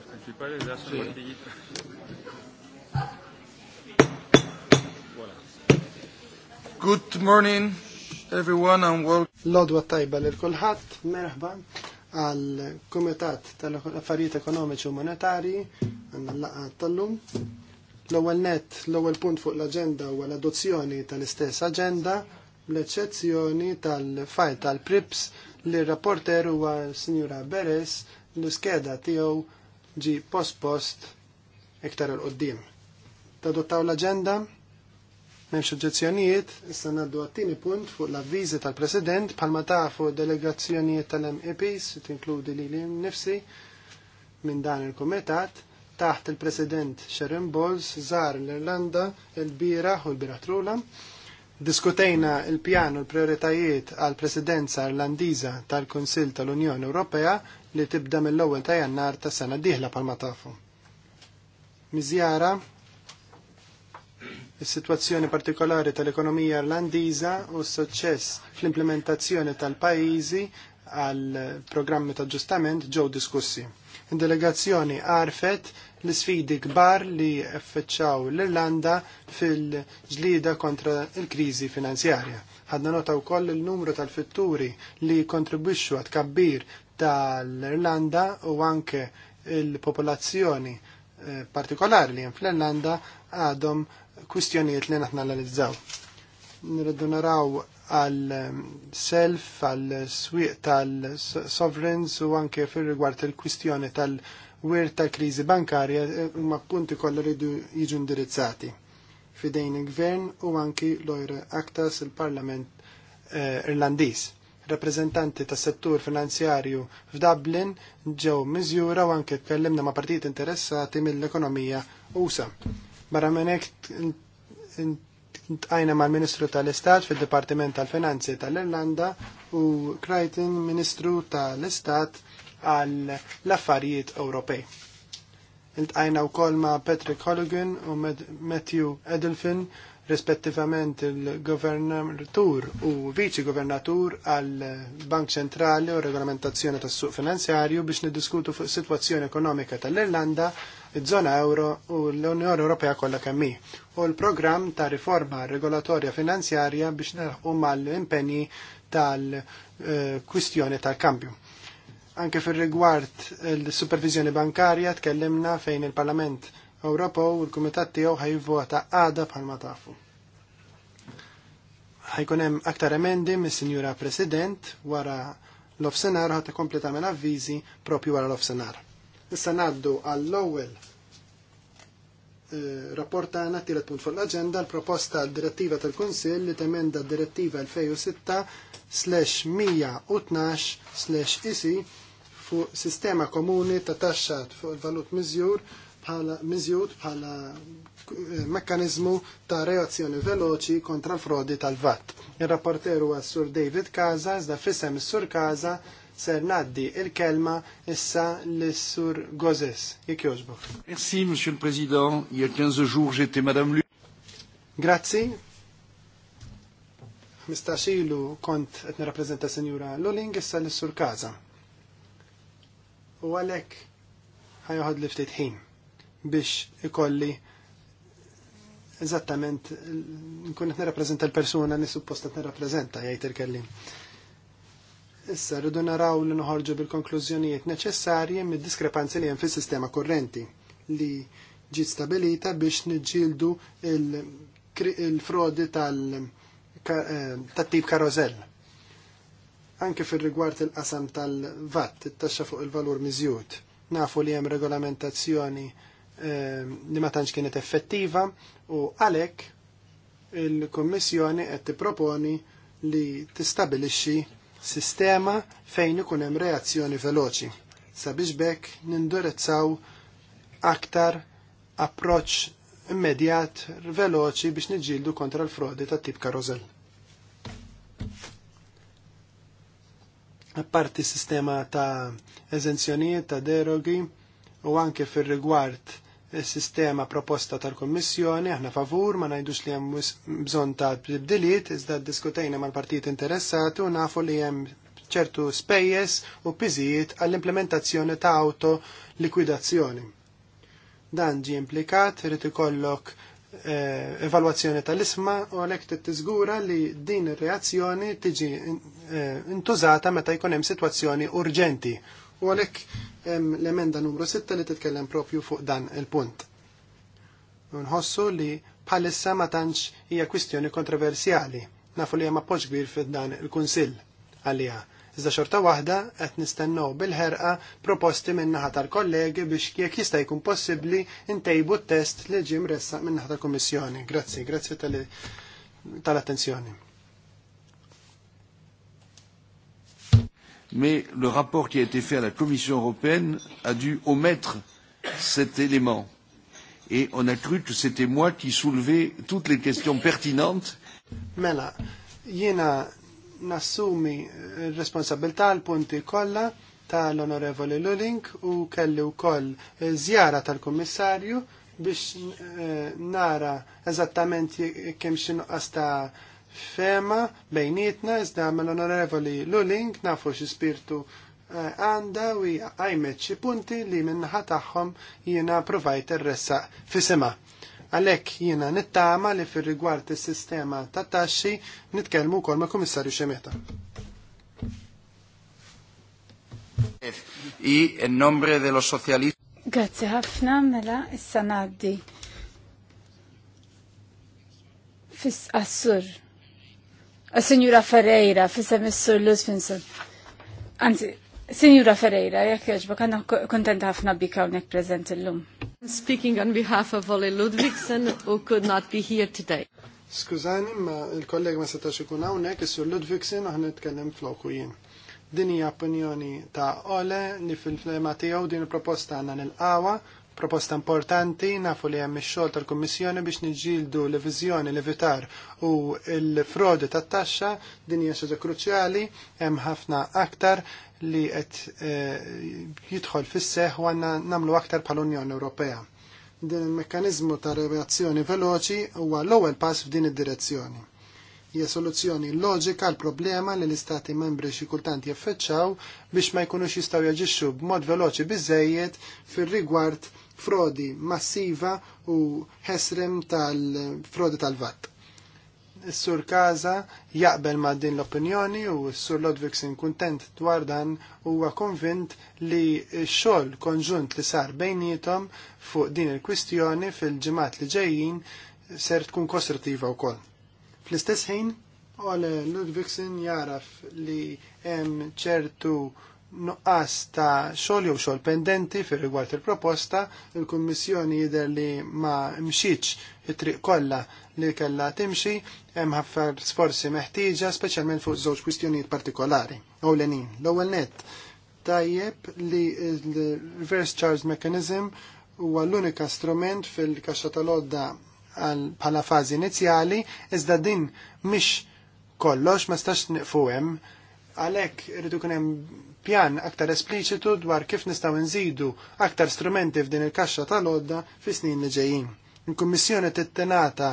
los principales ya son sí. Good morning, everyone, and welcome. Lodwa tajba lil kulħadd, merħba għal Kumitat tal-Affarijiet Ekonomiċi u Monetari għandna tallum. tal-lum. L-ewwel net, l-ewwel punt fuq l-aġenda huwa l-adozzjoni tal-istess aġenda l-eċċezzjoni tal-fajl tal-prips li r-rapporter huwa Signora Beres l-iskeda tiegħu ġi post-post iktar il-qoddim. Tadottaw l-agenda, memx oġġezzjonijiet, issa naddu għattini punt fuq l-avvizi tal-President palma tafu delegazzjonijiet tal-MEPs, tinkludi li li nifsi minn dan il-Komitat, taħt il-President Sharon Bowles zar l-Irlanda il-bira u l-bira trula. Diskutejna il-pjan u l-prioritajiet għal presidenza irlandiza tal-Konsil tal-Unjoni Ewropea li tibda mill-ewwel ta' jannar ta' sena dieħla palma tafu. Miżjara is-sitwazzjoni partikolari tal-ekonomija irlandiża u s-suċċess fl-implementazzjoni tal-pajjiżi għal programmi ta' ġustament ġew diskussi. Delegazzjoni għarfet l-sfidi kbar li effeċċaw l-Irlanda fil-ġlida kontra il-krizi finanzjarja. Għadna nota u koll il-numru tal-fitturi li kontribwixxu għat kabbir tal-Irlanda u anke il-popolazzjoni eh, partikolari li fl-Irlanda għadhom kwistjonijiet li naħna l-analizzaw. Nirridu naraw għal-self, għal-swiq tal-sovereigns u anke fir rigward il-kwistjoni tal-wir tal-krizi bankarja eh, ma punti kollha rridu jiġu indirizzati fidejn il-gvern u anki l-ojra aktas il-parlament eh, Irlandiż rappreżentanti tas settur finanzjarju f'Dublin ġew miżjura u anke tkellimna ma' partijiet interessati mill-ekonomija USA. Barra minn hekk ntqajna mal-Ministru tal-Istat fil-Dipartiment tal-Finanzi tal-Irlanda u Crichton Ministru tal-Istat għall affarijiet Ewropej. Ntqajna wkoll ma' Patrick Holligan u Matthew Edelfin rispettivament il-governatur u viċi governatur għal Bank Ċentrali u regolamentazzjoni tas suq finanzjarju biex niddiskutu fuq situazzjoni ekonomika tal-Irlanda, iż-żona euro u l-Unjoni Ewropea kollha kemm u l-programm ta' riforma regolatorja finanzjarja biex nilħqu mal-impenji tal-kwistjoni tal-kambju anke fil rigward il-supervizjoni bankarja tkellimna fejn il-Parlament Ewropew u l-Kumitat tiegħu ħajvota għada bħalma tafu. Ħajkun hemm aktar emendi mis-Sinjura President wara l-ofsenar ħat kompleta minn avviżi propju wara l-ofsenar. Issa ngħaddu għall-ewwel eh, rapport tagħna tielet punt fuq l-aġenda l-proposta direttiva tal-Kunsill li temenda d-direttiva 2006/112/EC fuq sistema komuni ta' taxxat fuq il-valut miżjur bħala miżjud bħala eh, mekkanizmu ta' reazzjoni veloċi kontra l-frodi tal-VAT. Il-rapporteru għas Sur David Kaza, iżda fissem Sur Kaza, ser naddi il-kelma issa l-Sur Gozes. Jek jożbok. Merci, Monsieur le Président. Il y a 15 jours, j'étais Madame Lu. Grazie. Mistaxilu kont qed nirrappreżenta Senjura Luling issa l-Sur Kaza. U għalhekk ħajħad li ftit ħin biex ikolli eżattament nkun qed nirrappreżenta l-persuna li suppost qed nirrappreżenta jgħid il-kellim. Issa rridu naraw li noħorġu bil-konklużjonijiet neċessarji mid-diskrepanzi li hemm fis-sistema kurrenti li ġiet stabilita biex niġġieldu il-frodi tal-tip eh, karozell anke fir rigward il-qasam tal-VAT, it-taxxa fuq il-valur miżjud. Nafu li hemm regolamentazzjoni Ehm, li ma tantx kienet effettiva u għalhekk il-Kummissjoni qed tipproponi li tistabilixxi sistema fejn ikun hemm reazzjoni veloċi sabiex bekk nindurezzaw aktar approċċ immedjat veloċi biex niġġieldu kontra l-frodi tat tip karozel. apparti sistema ta' eżenzjonijiet, ta' derogi u anke fir rigward sistema proposta tal-Kommissjoni, aħna favur, ma najdux li hemm bżonn ta' tibdiliet, iżda diskutejna mal-partit interessatu, nafu li hemm ċertu spejjeż u piżijiet għall-implementazzjoni ta' auto likwidazzjoni. Dan ġi implikat, irid ikollok eh, evalwazzjoni tal-isma u għalhekk t li din ir-reazzjoni tiġi eh, intużata meta jkun hemm sitwazzjoni urġenti U għalhekk l-emenda numru 6 li titkellem propju fuq dan il-punt. Nħossu li bħalissa ma tantx hija kwistjoni kontroversjali. Nafu li hemm appoġġ kbir fid-dan il-Kunsill għalija. Iżda xorta waħda qed nistennew bil-ħerqa proposti minn naħa tal-kollegi biex jekk jista' jkun possibbli ntejbu t-test li ġie mressaq minn naħa tal-Kummissjoni. Grazzi, grazzi tal-attenzjoni. mais le rapport qui a été fait à la Commission européenne a dû omettre cet élément. Et on a cru que c'était moi qui soulevais toutes les questions pertinentes. Mela, jena nassumi responsabilità al punti kolla tal-Onorevoli Lulink u kelli u koll zjara tal-Kummissarju biex eh, nara eżattament kemm xinu nuqqas fema bejnietna iżda mill-onorevoli Luling nafu xi spirtu eh, għanda u għajmet xi punti li minnaħa tagħhom jiena provajt irressa fisema. Għalhekk jiena nittama li fir-rigward is-sistema ta' taxxi nitkellmu wkoll ma' Kummissarju Xemeta. I n-nombre de los socialistas. Grazie ħafna mela issa ngħaddi fis-qassur. Signora Ferreira, fissem il-sur Luz Finson. Anzi, Signora Ferreira, jek jħoġba, kanna kontenta ħafna bika unek prezent il-lum. Speaking on behalf of Ole Ludvigsen, who could not be here today. Skużani, ma il-kolleg ma setax ikun hawnhekk, is-sur Ludvigsen aħna nitkellem floku jien. Dini hija ta' Ole li fil-flema tijaw, din il-proposta nil nilqawa proposta importanti, nafu li hemm ix-xogħol tal-Kummissjoni biex niġġieldu l-eviżjoni, l-evitar u l-frodi tat-taxxa, din hija xaġa kruċjali, hemm ħafna aktar li qed eh, jidħol fis-seħ u għandna nagħmlu aktar bħall-Unjoni Ewropea. Din il-mekkaniżmu ta' reazzjoni veloċi huwa l-ewwel pass f'din id-direzzjoni. Hija soluzzjoni loġika għal problema li l-istati membri xi kultant jaffeċċaw biex ma jkunux jistgħu jaġixxu b'mod veloċi biżejjed fir-rigward frodi massiva u ħesrem tal-frodi tal-VAT. Is-sur Kaza jaqbel ma' din l-opinjoni u s-sur Lodvigsin kuntent dwar dan huwa konvint li x-xogħol konġunt li sar bejnietom fuq din il-kwistjoni fil-ġimgħat li ġejjin ser tkun kostruttiva wkoll. Fl-istess ħin, Ole Ludvigsen jaraf li hemm ċertu nuqqas ta' xogħol jew xogħol pendenti fir rigward il-proposta, il-Kummissjoni jidher li ma mxitx it-triq kollha li kellha timxi, hemm ħafna sforzi meħtieġa speċjalment fuq żewġ kwistjonijiet partikolari. Ewlenin, l-ewwel nett tajjeb li l-reverse charge mechanism huwa l-unika strument fil-kaxxa tal-odda bħala fażi inizjali, iżda din mhix kollox ma stax niqfu hemm għalhekk irridu kien hemm pjan aktar espliċitu dwar kif nistaw nżidu aktar strumenti f'din il-kaxxa tal-odda fi snin li ġejjin. Il-Kummissjoni tittenata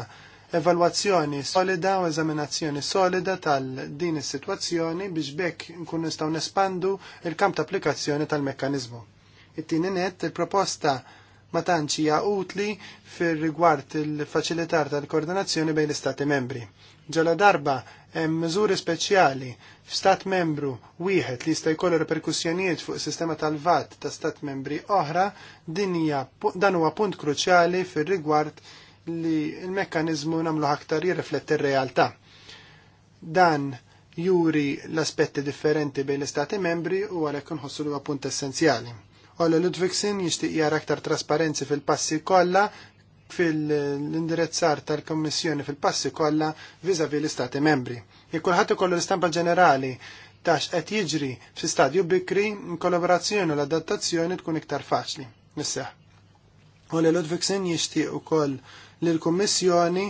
evalwazzjoni solida u eżaminazzjoni solida tal-din is-sitwazzjoni biex bekk nkun nistgħu nespandu il-kamp ta' applikazzjoni tal-mekkaniżmu. It-tieni net il-proposta ma tantx hija utli fir-rigward il-faċilitar tal-koordinazzjoni bejn l-Istati membri. Ġala darba hemm miżuri speċjali f'stat membru wieħed li jista' jkollu reperkussjonijiet fuq is-sistema tal-vat ta' stat membri oħra, din hija dan huwa punt kruċjali fir-rigward li l-mekkaniżmu nagħmlu aktar jirrifletti r-realtà. Dan juri l-aspetti differenti bejn l-istati membri u għalhekk inħossu li huwa punt essenzjali. Olle Ludwigsen jixtieq jara aktar trasparenzi fil-passi kollha fil indirezzar tal-Kommissjoni fil-passi kollha viżavi l-Istati membri. Jekk kulħadd ikollu l-istampa ġenerali tax qed jiġri fi stadju bikri, kollaborazzjoni u l-adattazzjoni tkun iktar faċli. Nisseħ. U li Ludwigsen jixtieq ukoll li l-Kummissjoni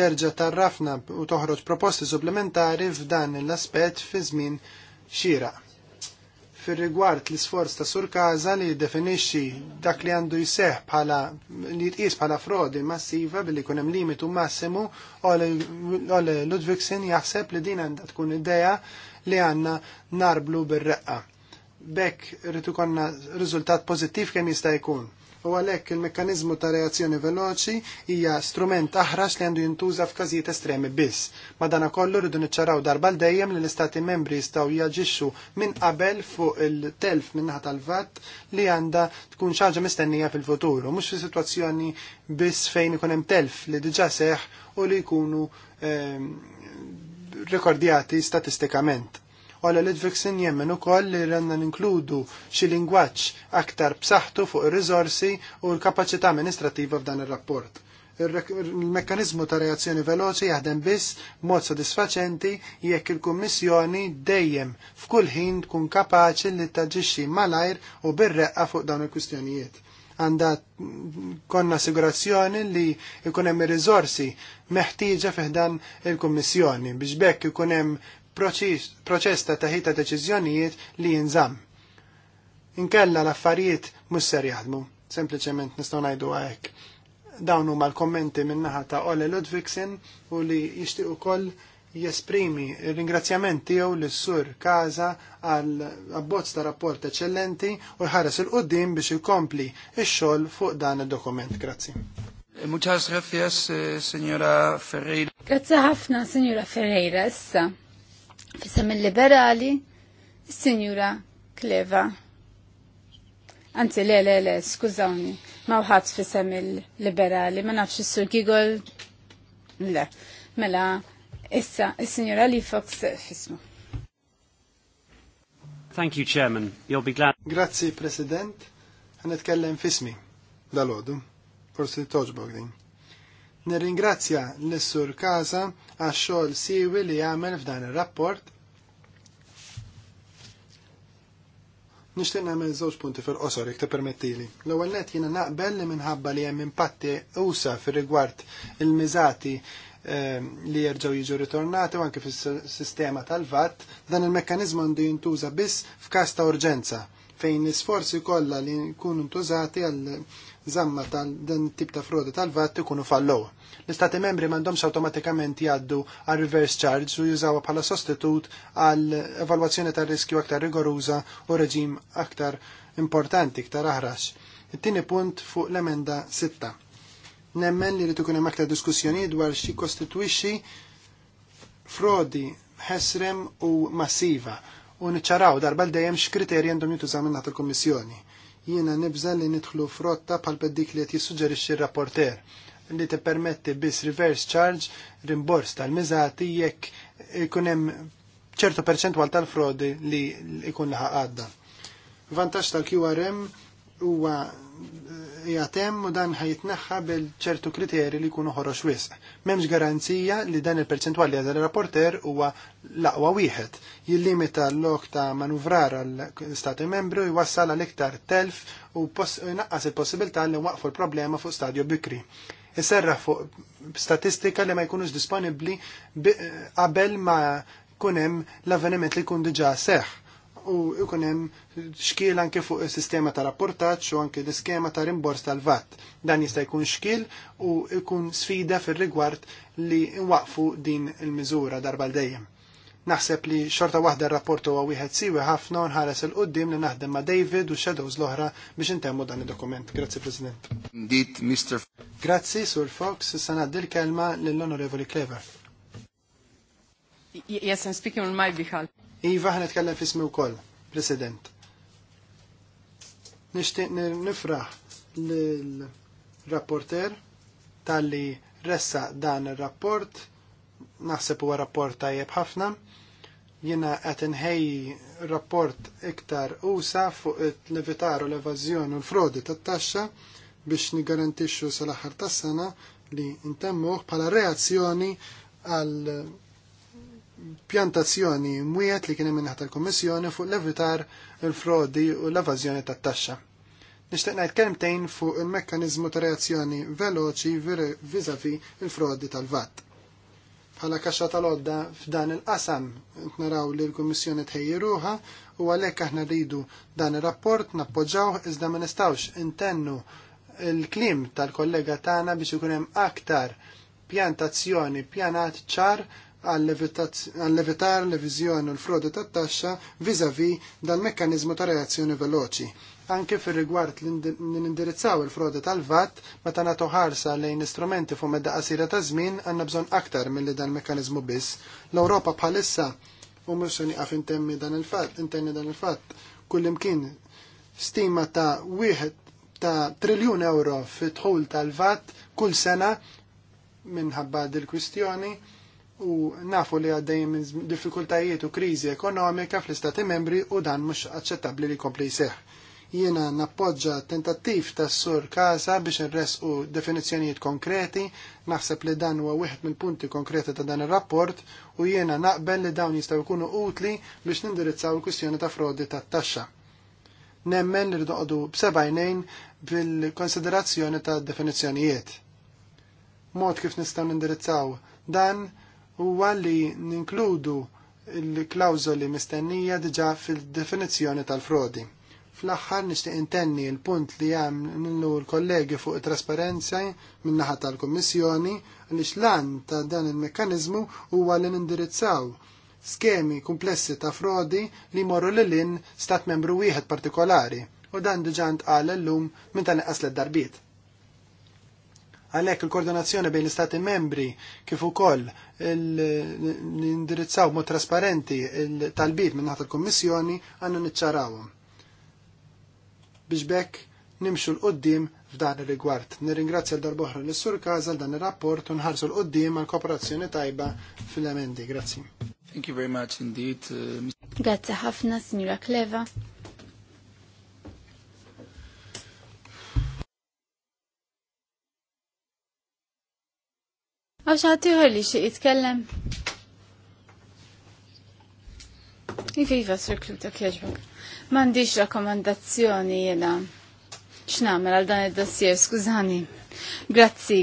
terġa' tarrafna u toħroġ proposti supplementari f'dan l-aspett fi żmien xieraq fir-rigward l-isforz ta' Sur Kaza li jiddefinixxi dak li għandu jseħ bħala li jitqies bħala frodi massiva billi jkun hemm limitu massimu Ole Ludwigsen jaħseb li din għandha tkun idea li għandna narblu bir-reqqa. Bekk rrid ikollna riżultat pożittiv kemm jista' jkun u għalhekk il-mekkaniżmu ta' reazzjoni veloċi hija strument aħrax li għandu jintuża f'każijiet estremi biss. Madana kollu rridu niċċaraw darba dejjem li l-istati membri jistgħu jaġixxu minn qabel fuq il-telf minnaħa tal-vatt li għandha tkun xaġa mistennija fil-futur mhux fi sitwazzjoni biss fejn ikun hemm telf li diġà seħ u li jkunu eh, rekordjati statistikament Ola Lidviksen jemmen ukoll li renna ninkludu xi lingwaġġ aktar b'saħħtu fuq ir rizorsi u l-kapaċità amministrativa f'dan ir-rapport. Il-mekkanizmu ta' reazzjoni veloċi jaħdem biss mod sodisfaċenti jekk il-Kummissjoni dejjem f'kull ħin tkun kapaċi li taġġixxi malajr u birreqqa fuq dawn il-kwistjonijiet għanda konna assigurazzjoni li ikun hemm ir-riżorsi meħtieġa dan il-Kummissjoni biex bekk ikun hemm proċess ta' taħita deċiżjonijiet li jinżamm. Inkella l-affarijiet musser jaħdmu, sempliċement nistgħu ngħidu hekk. Dawn huma l-kommenti min-naħa ta' Ole Ludvigsen u li jixtieq ukoll jesprimi ringrazzjament tiegħu lis sur Kaza għal abbozz ta' rapport eċċellenti u jħares il-qoddim biex ikompli ix-xogħol fuq dan id-dokument. Grazzi. Muchas gracias, eh, señora Ferreira. Grazzi ħafna, señora Ferreira, issa. Fissam il-liberali, il Kleva. Anzi, le, le, le, skużawni, ma uħat fissam il-liberali, ma nafx il-Sur Gigol, le, mela, issa, il-Sinjura Lee Fox fismu. Thank you, Chairman. You'll be glad. Grazzi, President. Għanetkellem fismi. Dal-ħodu. toġbog din. Nirringrazzja l-Sur Kaza għax xogħol siwi li jagħmel f'dan ir-rapport. Nixtieq nagħmel żewġ punti fil-qosor jekk permettili. L-ewwel nett jiena naqbel li minħabba li hemm impatti usa fir-rigward il-miżati eh, li jerġgħu jiġu ritornati u anke fis-sistema tal-VAT, dan il-mekkaniżmu għandu jintuża biss f'każ ta' urġenza fejn l-isforzi kollha li jkunu ntużati għal Zamma tal din tip ta' frodi tal-vat ikunu fallow. L-istati membri m'għandhomx awtomatikament jgħaddu għal reverse charge u jużawha bħala sostitut għal evalwazzjoni tar-riskju aktar rigoruża u reġim aktar importanti, aktar aħrax. It-tieni punt fuq l-emenda 6. Nemmen li rritu kunem aktar diskussjoni dwar xi kostituixi frodi ħesrem u massiva u niċċaraw darba l-dajem x'kriterji għandhom jintużaw minn il-Kommissjoni jiena nibża li nidħlu frotta bħal dik li qed jissuġġerixxi r-rapporter li tippermetti biss reverse charge rimbors tal-miżati jekk ikun hemm ċertu perċentwal tal-frodi li ikun laħa għadda. Vantaġġ tal-QRM huwa eh, jatem u dan ħajitneħħa bil-ċertu kriteri li kunu ħorox wisq. Memx garanzija li dan il-perċentwal li għadal rapporter huwa laqwa wieħed. Jillimita l-lok ta' manuvrar għal-stati membru jwassal għal-iktar telf u naqqas il-possibilità li waqfu l-problema fuq stadju bikri. Iserra fuq statistika li ma jkunux disponibli qabel ma kunem l-avveniment li kun diġa seħ u ikun hemm xkiel anke fuq is-sistema ta' rapportaġġ u anke l-iskema ta' rimbors tal-VAT. Dan jista' jkun xkiel u jkun sfida fir-rigward li nwaqfu din il-miżura darba l-dejjem. Naħseb li xorta waħda r-rapport huwa wieħed siwi ħafna nħares il qudiem li naħdem ma' David u Shadows l-oħra biex intemmu dan id-dokument. Grazzi President. Indeed, Mr. Grazzi, Sur Fox, issa ngħaddi l-kelma lill-Onorevoli Clever. Yes, I'm speaking on my behalf. Iva ħan itkellem fismi wkoll, President. Nixtieq nifraħ lill-rapporter talli ressa dan ir-rapport, naħseb huwa rapport tajjeb ħafna. Jiena qed inħej rapport iktar usa fuq it-levitar u l-evażjoni u l-frodi tat-taxxa biex nigarantixxu sal-aħħar tas-sena li ntemmuh bħala reazzjoni għal pjantazzjoni mwiet li kien hemm minnaħta l-Kummissjoni fuq l-evitar il-frodi u l-evażjoni tat-taxxa. Nixtieq ngħid kelmtejn fuq il-mekkaniżmu ta' reazzjoni veloċi viżavi il-frodi tal-VAT. Bħala kaxxa tal-odda f'dan il-qasam naraw li l-Kummissjoni tħejjiruha u għalhekk aħna rridu dan ir-rapport nappoġġaw iżda ma nistgħux intennu il-klim tal-kollega tagħna biex ikun hemm aktar pjantazzjoni pjanat ċar għall-levitar l-eviżjoni u l-frodi tat-taxxa vizavi dal-mekkaniżmu ta' reazzjoni veloċi. Anke fir rigward l-indirizzaw il-frodi tal-VAT, meta natu ħarsa lejn istrumenti f'u medda qasira ta' żmien għandna bżonn aktar milli dan mekkaniżmu biss. L-Ewropa bħalissa u mhux se nieqaf intemmi dan il-fatt, intenni dan il-fatt, kullimkien stima ta' wieħed ta' triljun euro fit-tħul tal-VAT kull sena minħabba dil-kwistjoni u nafu li għaddejjem minn diffikultajiet u kriżi ekonomika fl-Istati membri u dan mhux aċċettabbli li jkompli jseħħ. Jiena nappoġġa tentattiv tas sur Kasa biex u definizzjonijiet konkreti, naħseb li dan huwa wieħed mill-punti konkreti ta' dan ir-rapport u jiena naqbel li dawn jistgħu jkunu utli biex nindirizzaw il-kwistjoni ta' frodi tat-taxxa. Nemmen li rdoqdu b'sebajnejn bil-konsiderazzjoni ta' definizzjonijiet. Mod kif nistgħu nindirizzaw dan huwa li ninkludu il-klawżoli mistennija diġa fil-definizzjoni tal-frodi. Fl-axħar nixtieq intenni l-punt li għamlu l-kollegi fuq trasparenza minnaħa tal kummissjoni li xlan ta' dan il mekkaniżmu huwa li nindirizzaw skemi komplessi ta' frodi li morru l-lin stat membru wieħed partikolari u dan diġa ntqal l-lum minn tan qas l-darbiet. Għalhekk il-koordinazzjoni bejn l-Istati membri kif ukoll l-indirizzaw mod trasparenti il-talbit minn naħta l-Kummissjoni għannu niċċarawhom. Biex bekk nimxu l-qoddim f'dan ir-rigward. Nirringrazzja l darboħra l sur Kaza dan ir-rapport u nħarsu l-qoddim għal kooperazzjoni tajba fil-emendi. Grazzi. Thank you very much indeed. Uh, Grazzi ħafna, Signora Kleva. Għax ħatiħor li xie jitkellem. Ifiva s-rekluta kieġbuk. Mandiċ rakomandazzjoni jena. ċnamel għal dan id-dossier, skużani. Grazzi.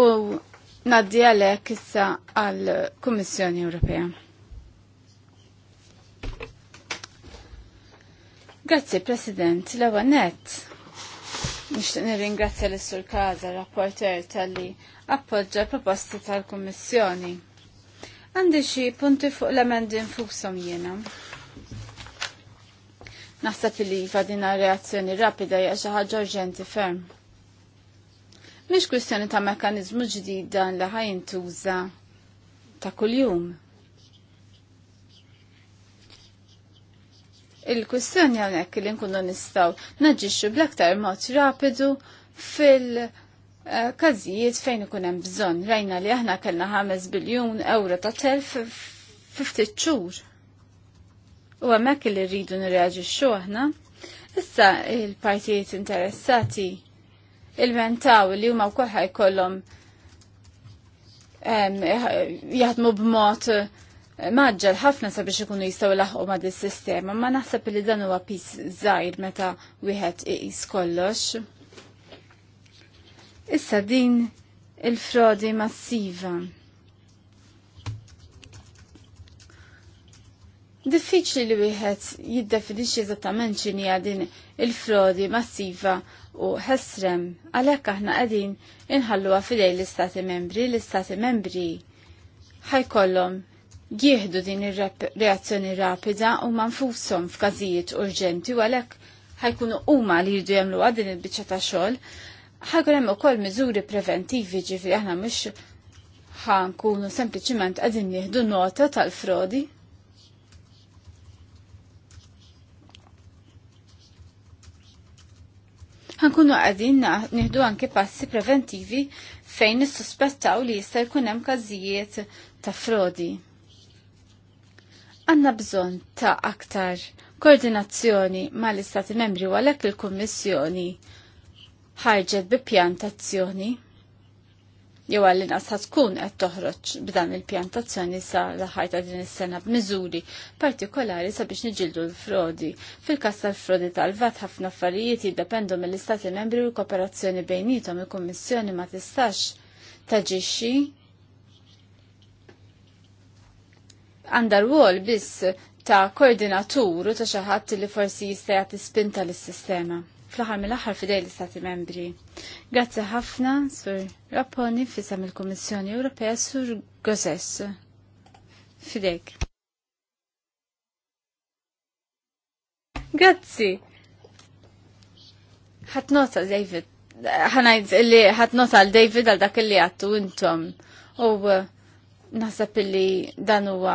U naddi għalek issa għal Kummissjoni Ewropea. Grazzi, President. L-ewwel nett Nishtiq nirringrazzja l sur Kaza, rapporter tal-li appoġġa proposti tal-Kummissjoni. Għandi xi punti fuq l-emendi nfushom jiena. Naħseb li fadina iva reazzjoni rapida hija xi ħaġa urġenti ferm. Mhix kwistjoni ta' mekkaniżmu ġdid dan li ħajintuża ta' kuljum. Il-kwistjoni hawnhekk li nkunu nistgħu naġiċu bl-aktar mod rapidu fil- eh, Kazijiet fejn ikun hemm bżonn rajna li aħna kellna 5 biljun euro ta' telf ftit xhur. U hemmhekk li rridu nirreaġixxu aħna. Issa il-partijiet interessati il-mentaw li huma wkoll ħajkollhom eh, jaħdmu b'mod Maġġal ħafna sabiex ikunu jistgħu laħqu ma' dis sistema ma naħseb li dan huwa pis żgħir meta wieħed iqis kollox. Issa din il-frodi massiva. Diffiċli li wieħed jiddefinixxi eżattament x'inhi din il-frodi massiva u ħesrem għalhekk aħna qegħdin inħalluha fidej l-istati membri, l-istati membri ħajkollhom jieħdu din ir-reazzjoni rapida u manfusom f'każijiet urġenti u għalhekk ħajkunu huma li jridu jagħmlu din il-biċċa ta' xogħol. Ħajkun hemm ukoll miżuri preventivi ġifieri aħna mhux ħankunu sempliċiment qegħdin nieħdu nota tal-frodi ħankunu għadin nieħdu anke passi preventivi fejn nissuspettaw li jista' jkun hemm każijiet ta' frodi għanna bżon ta' aktar koordinazzjoni ma' l-Istati membri u għalek il-Kommissjoni ħarġet bi pjantazzjoni. Jew għalli inqas tkun qed toħroġ b'dan il-pjantazzjoni sa l-aħħar ta' din is-sena b'miżuri partikolari sabiex niġildu l-frodi. Fil-każ tal-frodi tal-vat ħafna affarijiet jiddependu mill-Istati membri u l-kooperazzjoni bejnietom il-Kummissjoni ma tistax taġixxi għandha rwol biss ta' koordinatur u ta' xi ħadd li forsi jista' jagħti spinta lis-sistema. Fl-aħħar mill-aħħar fidej l-Istati Membri. Grazzi ħafna sur Rapponi fissam il-Kummissjoni Ewropea sur Gozess. Fidejk. Grazzi. Ħadd nota David ħanajd li ħat nota għal David għal dak li għattu intom. U naħseb illi dan huwa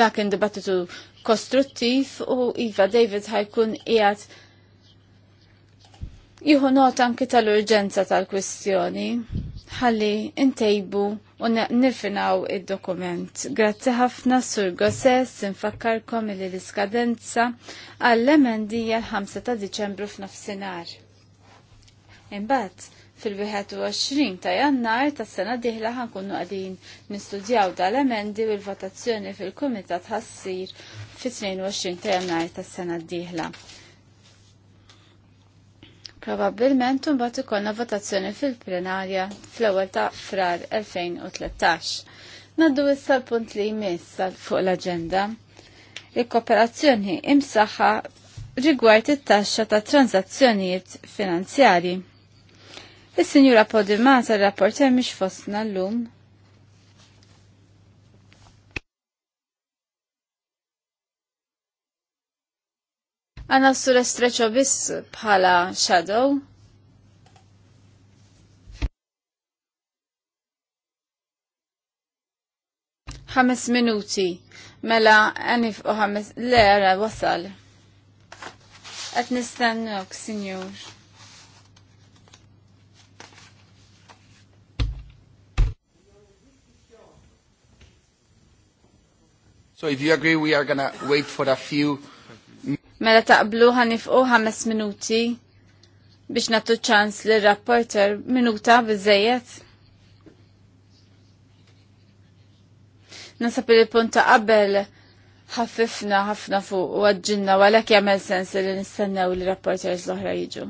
dak dibattitu kostruttiv u Iva David ħajkun qiegħed jieħu nota anki tal-urġenza tal-kwistjoni ħalli intejbu u nirfinaw id-dokument. Grazzi ħafna sur Gosses, infakkarkom li l-iskadenza għall-emendija l-5 ta' Diċembru f'nofsinhar. Imbagħad, fil-21 ta' jannar ta' sena diħla ħankunu għadin nistudjaw dal-emendi u l-votazzjoni fil-Kumitat ħassir fil-22 ta' jannar ta' sena diħla. Probabilment unbat ikollna votazzjoni fil-plenarja fl-ewwel ta' frar 2013. Naddu issa l-punt li jmiss fuq l-aġenda. Il-kooperazzjoni imsaħħa rigward it-taxxa ta' tranzazzjonijiet finanzjarji. Is-Sinjura Podimata rapporter mhix fostna llum. Għanna s-sura streċo biss bħala shadow. ħames minuti. Mela, għanif u ħames, le, wasal. Għat nistannuk, signor. So if you agree, we are going to wait for a few... Mela taqblu ħanifqu ħames minuti biex natu ċans li rapporter minuta bizzejiet. Nasab li punta qabel ħaffifna ħafna fuq u għadġinna għalek jagħmel sens li nistennew li rapporter l-oħra jiġu.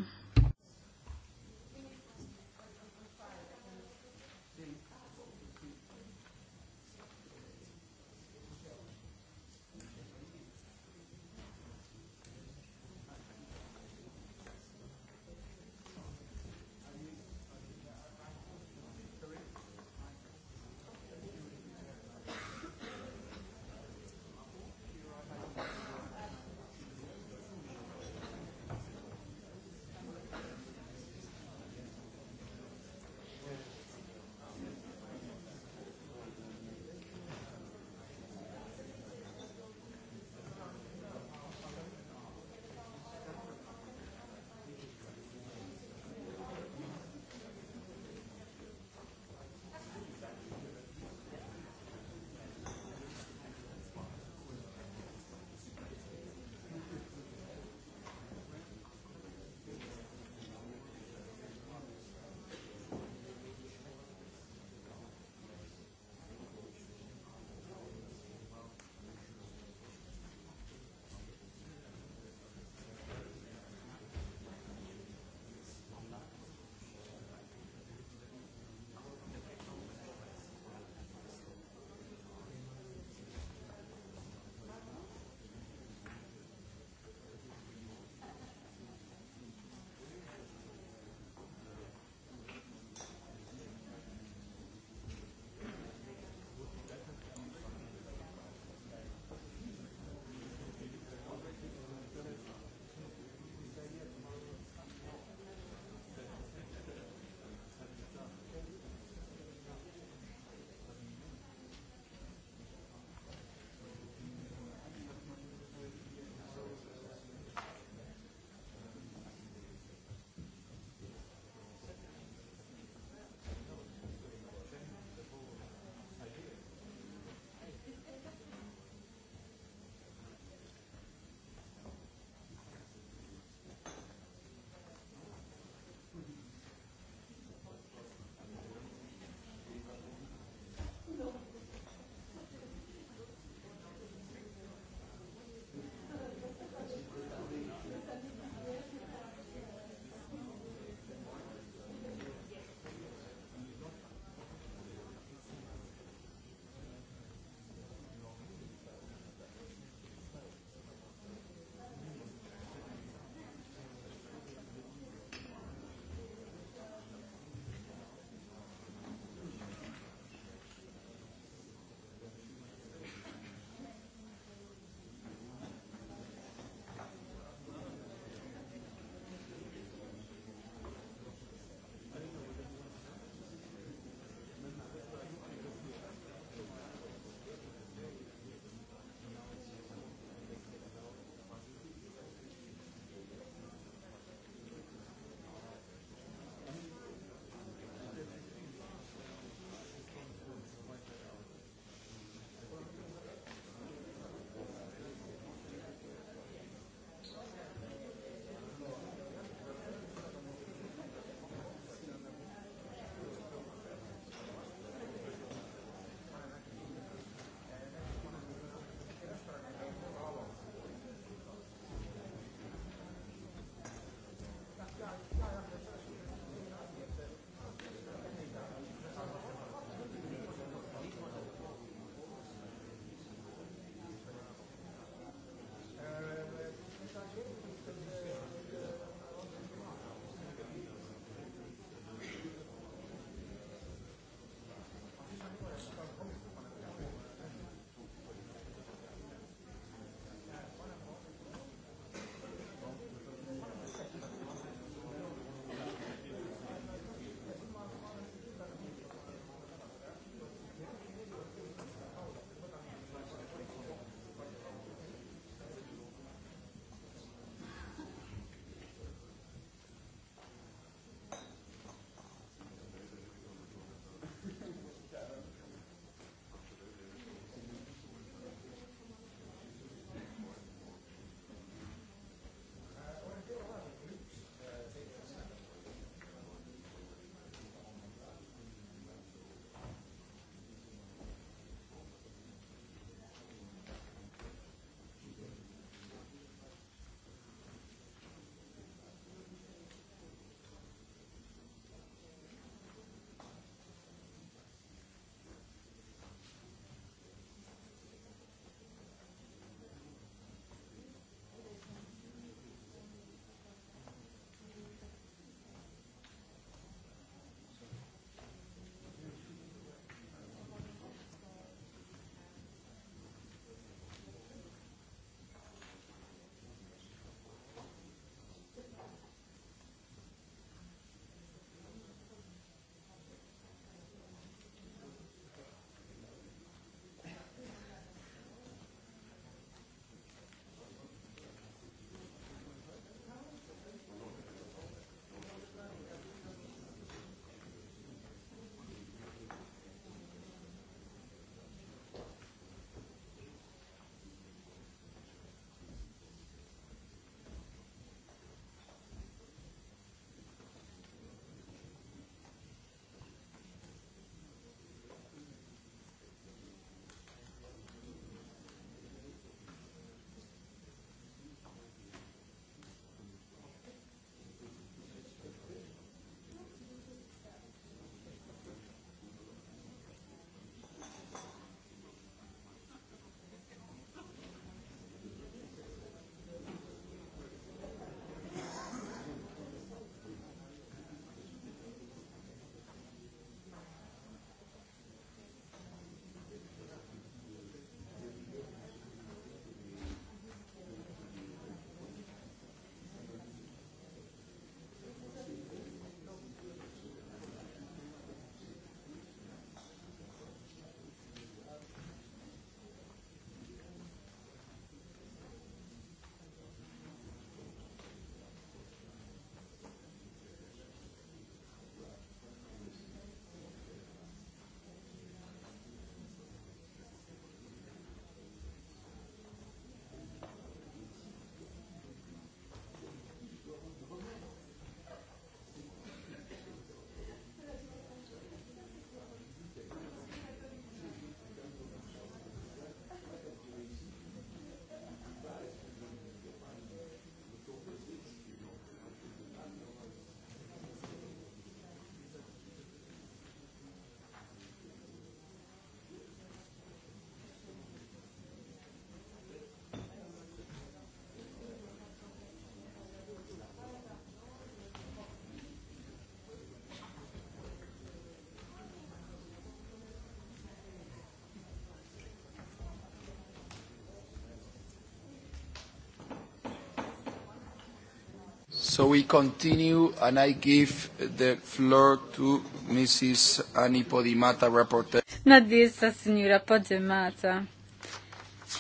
So we continue, and I give the floor to Mrs. Annie Podimata, rapporteur. Naddi signora Podimata,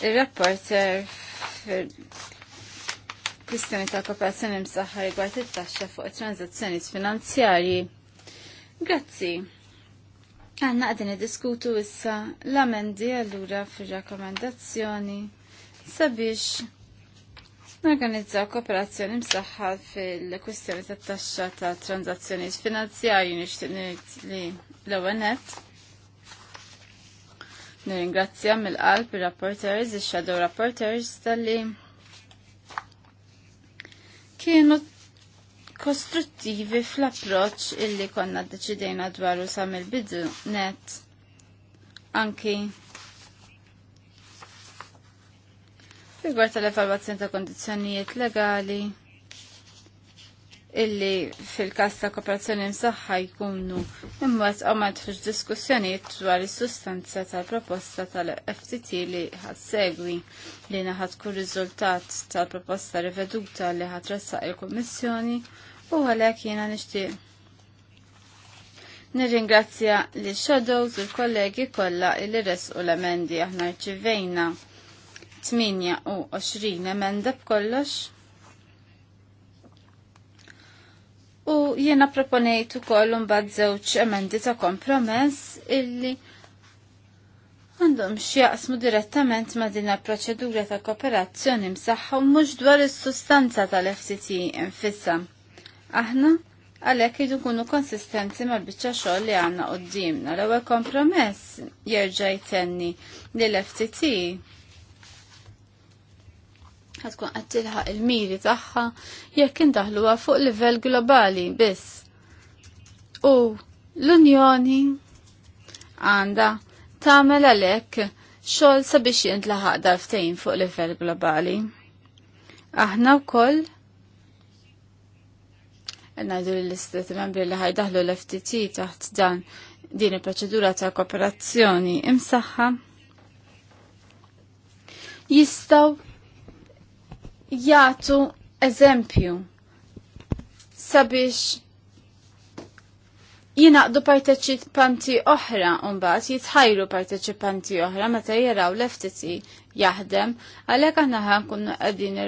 il-rapporteur kwistjoni ta' kooperazzjoni msaħħa rigward it-taxxa fuq transazzjoni finanzjarji. Grazzi. Għanna għadin diskutu issa l-amendi allura fir-rakkomandazzjoni sabiex Norganizzaw kooperazzjoni msaħħa fil-kwistjoni ta' taxxa ta' tranzazzjoni finanzjarji nixtieq li l-ewwel nett. Nirringrazzja mill-qalb ir-rapporters, ix-shadow rapporters tal-li kienu kostruttivi fl-approċ illi konna deċidejna dwaru sa' mill bidu net anki Rigward tal-evalwazzjoni ta' kondizjonijiet legali illi fil-kas ta' kooperazzjoni msaħħa jkunu imwet għamad fiġ diskussjoniet dwar is-sustanza tal-proposta tal-FTT li segwi li naħat kur riżultat tal-proposta riveduta li ħatressaq il-Kommissjoni u għalek jena nishtiq. Nirringrazzja li shadows u l-kollegi kollha illi resqu l-emendi aħna rċivejna. 28 emenda b'kollox. U jiena proponejt ukoll bad żewġ emendi ta' kompromess illi għandhom x'jaqsmu direttament ma' din proċedura ta' kooperazzjoni msaħħa u mhux dwar is-sustanza tal-FTT infissa. Aħna għalhekk idu kunu konsistenti mal-biċċa xogħol li għandna qudiemna l-ewwel kompromess jerġa' jtenni li l-FTT tkun qed tilħaq il-miri tagħha jekk indaħluha fuq livell globali biss. U l-Unjoni għandha tagħmel għalhekk xogħol sabiex jintlaħaq darftejn fuq livell globali. Aħna wkoll ngħidu l-istati membri li ħajdaħlu l-FTT taħt dan din il-proċedura ta' kooperazzjoni imsaħħa jistaw jgħatu eżempju sabiex jinaqdu parteċipanti oħra unbat, jitħajru parteċipanti oħra meta jaraw l-FTT jaħdem, għalek għanna ħankunnu għadin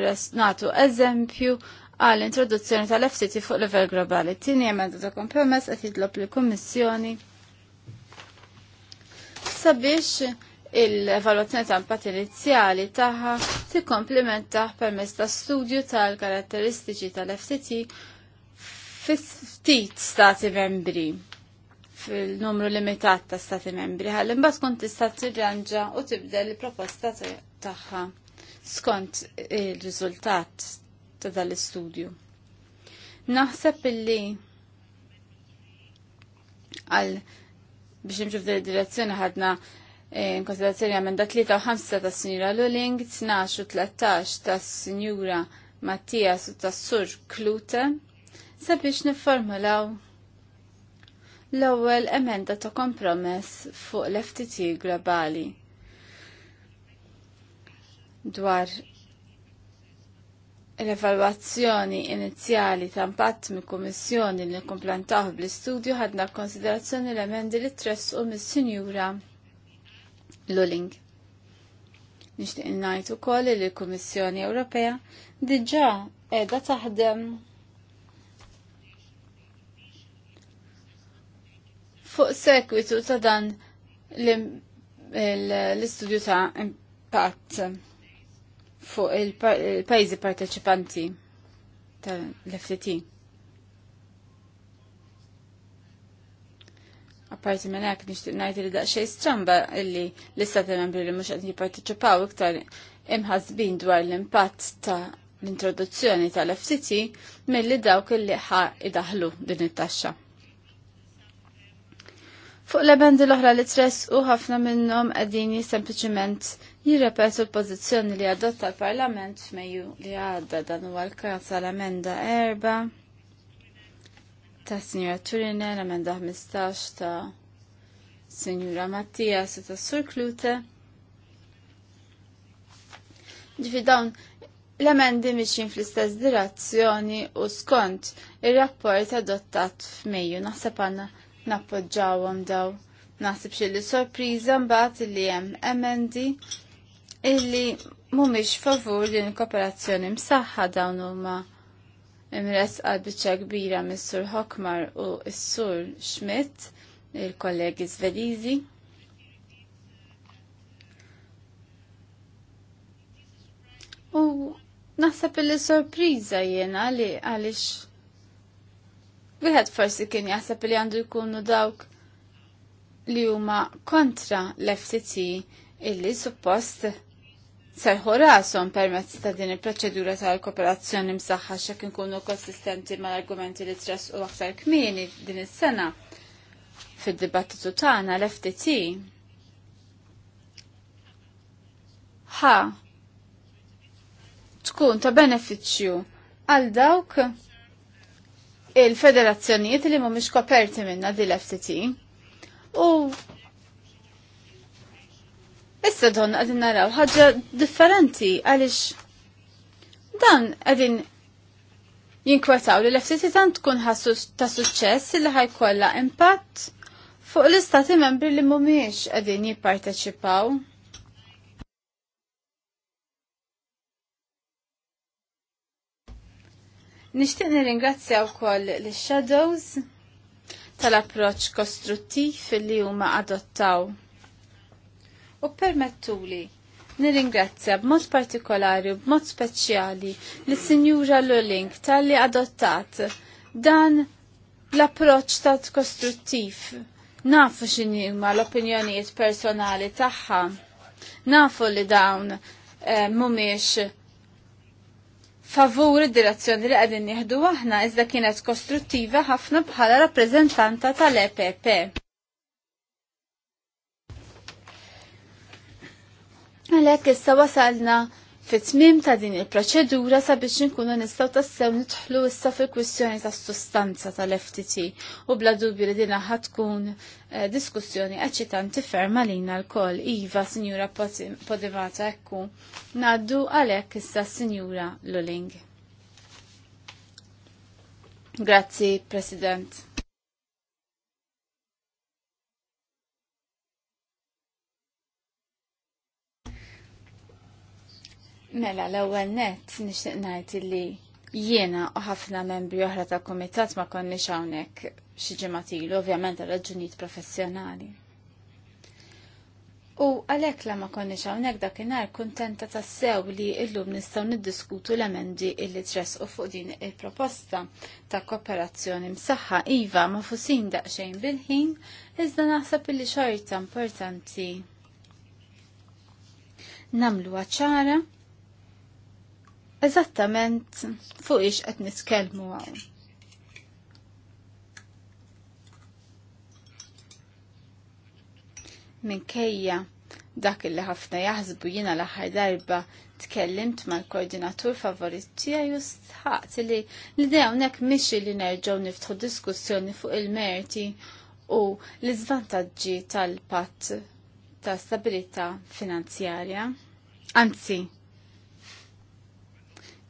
natu eżempju għal introduzzjoni tal-FTT fuq level globali. Tini għemenda ta' kompromess għat jidlob li kommissjoni sabiex il-evaluazzjoni ta' impatt inizjali tagħha tikkomplimentaħ permezz ta' studju tal-karatteristiċi tal-FTT ftit stati membri fil-numru limitat ta' stati membri ħalli mbagħad tkun tista' tirranġa u tibdel il-proposta tagħha skont il-riżultat ta' dal-istudju. Naħseb illi għal biex nimxu id direzzjoni ħadna Eh, konsiderazzjoni għamenda 3 u 5 ta' sinjura Luling, 12 u 13 ta' sinjura Mattias u ta' sur Klute, sabiex niformulaw l-ewwel emenda ta' kompromess fuq l-FTT globali dwar l-evalwazzjoni inizjali ta' impatt mill kummissjoni li komplantaħu bl-istudju ħadna konsiderazzjoni l-emendi li u mis-sinjura Lulling. Nixtieq ngħid ukoll li l-Kummissjoni Ewropea diġà qiegħda taħdem fuq sekwitu ta' dan l-istudju ta' impatt fuq il-pajzi parteċipanti tal-FTT. Apparti minn hekk nixtieq ngħid li daqsxejn stramba illi l-istati membri li mhux qed jipparteċipaw iktar imħazbin dwar l-impatt ta' l-introduzzjoni tal-FTT milli dawk illi ħa idaħlu din it-taxxa. Fuq l-ebendi l-oħra li tress u ħafna minnhom qegħdin sempliċiment jirrepetu l-pożizzjoni li adotta l-Parlament f'Mejju li għadda dan huwa l-każ tal-emenda erba' ta' Sinjura Turina, l-emenda 15 ta' Sinjura Mattia, se ta' Sur Klute. Ġifi dawn l-emendi miexin fl-istess direzzjoni u skont il-rapport adottat f'Mejju naħseb għanna nappoġġawhom daw. Naħseb xi li sorpriża mbagħad li hemm emendi illi mhumiex favur din il-kooperazzjoni msaħħa dawn huma imres għadbiċa kbira mis-sur Hokmar u s-sur Schmidt, il-kollegi svedizi. U naħseb li sorpriża jiena li għaliex wieħed forsi kien jaħseb li għandu jkunu dawk li huma kontra l-FTT illi suppost serħu rasom permezz ta' din il-proċedura tal-kooperazzjoni msaħħa xek nkunu konsistenti mal-argumenti li tres u aktar kmieni din is-sena fid-dibattitu tagħna l-FTT. Ha tkun ta' benefiċċju għal dawk il-federazzjonijiet li mhumiex koperti minna din l-FTT u Issa don għadin naraw ħaġa differenti għalix dan għadin jinkwetaw li l-FTT tant tkun ta' suċċess li ħajkolla impatt fuq l-istati membri li mumiex għadin jipparteċipaw. Nishtiq u koll li shadows tal-approċ kostruttiv li huma adottaw u permettuli nirringrazzja b'mod partikolari u b'mod speċjali l sinjura Lulling tal-li adottat dan l-approċ tat kostruttiv nafu x'inhuma l-opinjonijiet personali tagħha. Nafu li dawn eh, mhumiex favur id-direzzjoni li qegħdin nieħdu aħna iżda kienet kostruttiva ħafna bħala rappreżentanta tal-EPP. Għalhekk issa wasalna fit-tmim ta' din il-proċedura sabiex nkunu nistgħu tassew nidħlu issa fil-kwistjoni tas-sustanza tal-FTT u bla dubju li dinha ħatkun eh, diskussjoni eċitanti ferma lina l-koll. Iva, Sinjura Podimata, ekku, naddu għalhekk issa Sinjura Luling. Grazzi, President. Mela, l-ewwel nett nixtieq ngħid li jiena u ħafna membri oħra ta' kumitat ma konniex hawnhekk xi ġimgħat ovvjament għal raġunijiet professjonali. U għalhekk la ma konniex hawnhekk dakinhar kuntenta tassew li llum nistgħu niddiskutu l-emendi illi u fuq din il-proposta ta' kooperazzjoni msaħħa iva ma' fusin daqsxejn bil-ħin iżda naħseb illi xorta importanti namlu ċara eżattament fuq ix qed nitkellmu hawn. Minkejja dak li ħafna jaħsbu jiena l-aħħar darba tkellimt mal-koordinatur favorit tiegħi u sħaqt li l-idea hawnhekk mixi li nerġgħu niftħu diskussjoni fuq il-merti u l-iżvantaġġi tal-patt ta' stabilità finanzjarja. Anzi,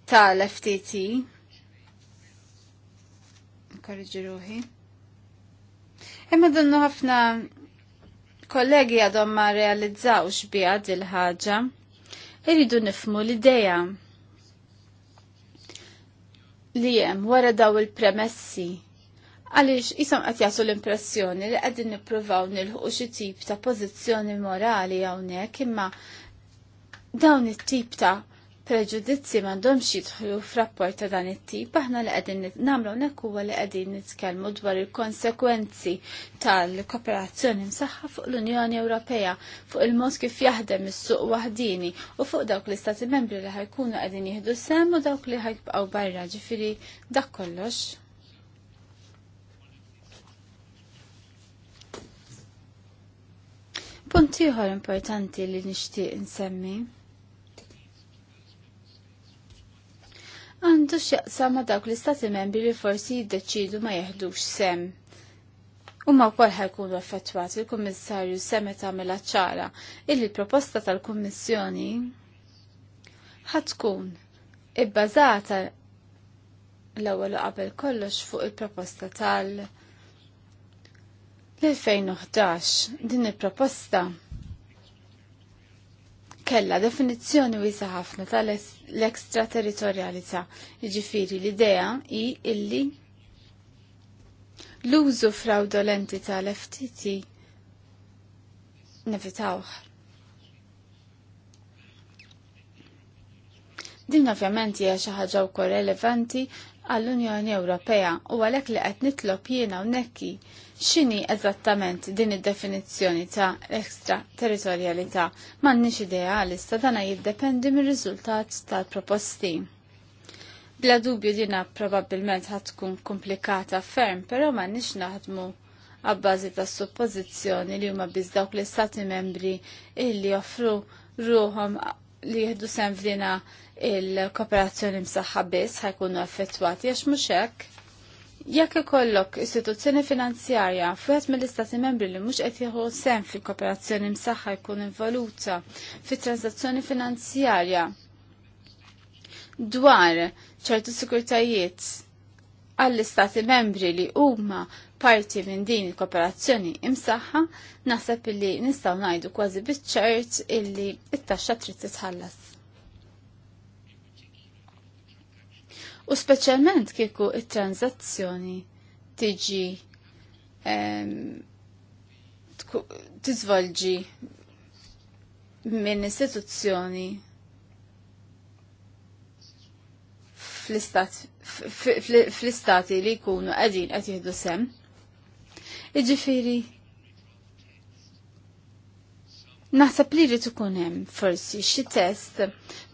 tal-FTT. Korriġi ruħi. Imma dunnu ħafna kollegi għadhom ma realizzawx biha il ħaġa Iridu nifmu l-ideja li jem wara daw il-premessi għalix jisam għat jasu l-impressjoni li qegħdin niprovaw nilħu xi tip ta' pozizjoni morali għawnek imma dawn it-tip ta' preġudizzi m'għandhomx jidħlu f'rapport ta' dan it-tip, aħna li qegħdin nagħmlu hekk huwa li qegħdin nitkellmu dwar il-konsekwenzi tal-kooperazzjoni msaħħa fuq l-Unjoni Ewropea, fuq il-mod kif jaħdem is-suq waħdini u fuq dawk l-istati membri li ħajkunu qegħdin jieħdu sem u dawk li ħajbqgħu barra, ġifieri dak kollox. Punt ieħor importanti li nixtieq insemmi. għandu xieqsa ma' dawk l-istati membri li forsi jiddeċidu ma jeħdux sem. U ma wkoll ħajkunu effettwati il-Kummissarju semet tagħmilha ċara illi l-proposta tal-Kummissjoni ħatkun ibbażata l-ewwel qabel kollox fuq il-proposta tal- l-2011 din il-proposta kella definizzjoni wisa ħafna tal-ekstraterritorialità. Iġifiri l-idea i illi l-użu fraudolenti tal-FTT nevitawħ. Din ovvjament hija xi ħaġa wkoll relevanti għall-Unjoni Ewropea u għalhekk li qed nitlob jiena hawnhekk x'inhi eżattament din id-definizzjoni ta' ekstra territorjalità m'għandniex idea għalissa dana jiddependi mir-riżultat tal-proposti. Bla dubju dina probabbilment ħad tkun komplikata ferm, però m'għandniex naħdmu għabbażi ta' suppożizzjoni li huma biż dawk l-istati membri illi joffru ruhom li jihdu sem f'dina il-kooperazzjoni msaħħa biss ħajkunu effettwati għax mhux hekk. Jekk ikollok istituzzjoni finanzjarja fuqet mill-istati membri li mhux qed jieħu sem fil-kooperazzjoni msaħħa jkun involuta fit-transazzjoni finanzjarja dwar ċertu sikurtajiet għall-istati membri li huma parti minn din il-kooperazzjoni imsaħħa, naħseb illi nistgħu ngħidu kważi biċ-ċert illi it taxxa trid titħallas. u speċjalment kieku it transazzjoni tiġi tiżvolġi minn istituzzjoni fl-istati li jkunu qegħdin qed jieħdu sem. Iġifieri Naħseb li rrid ikun hemm forsi xi test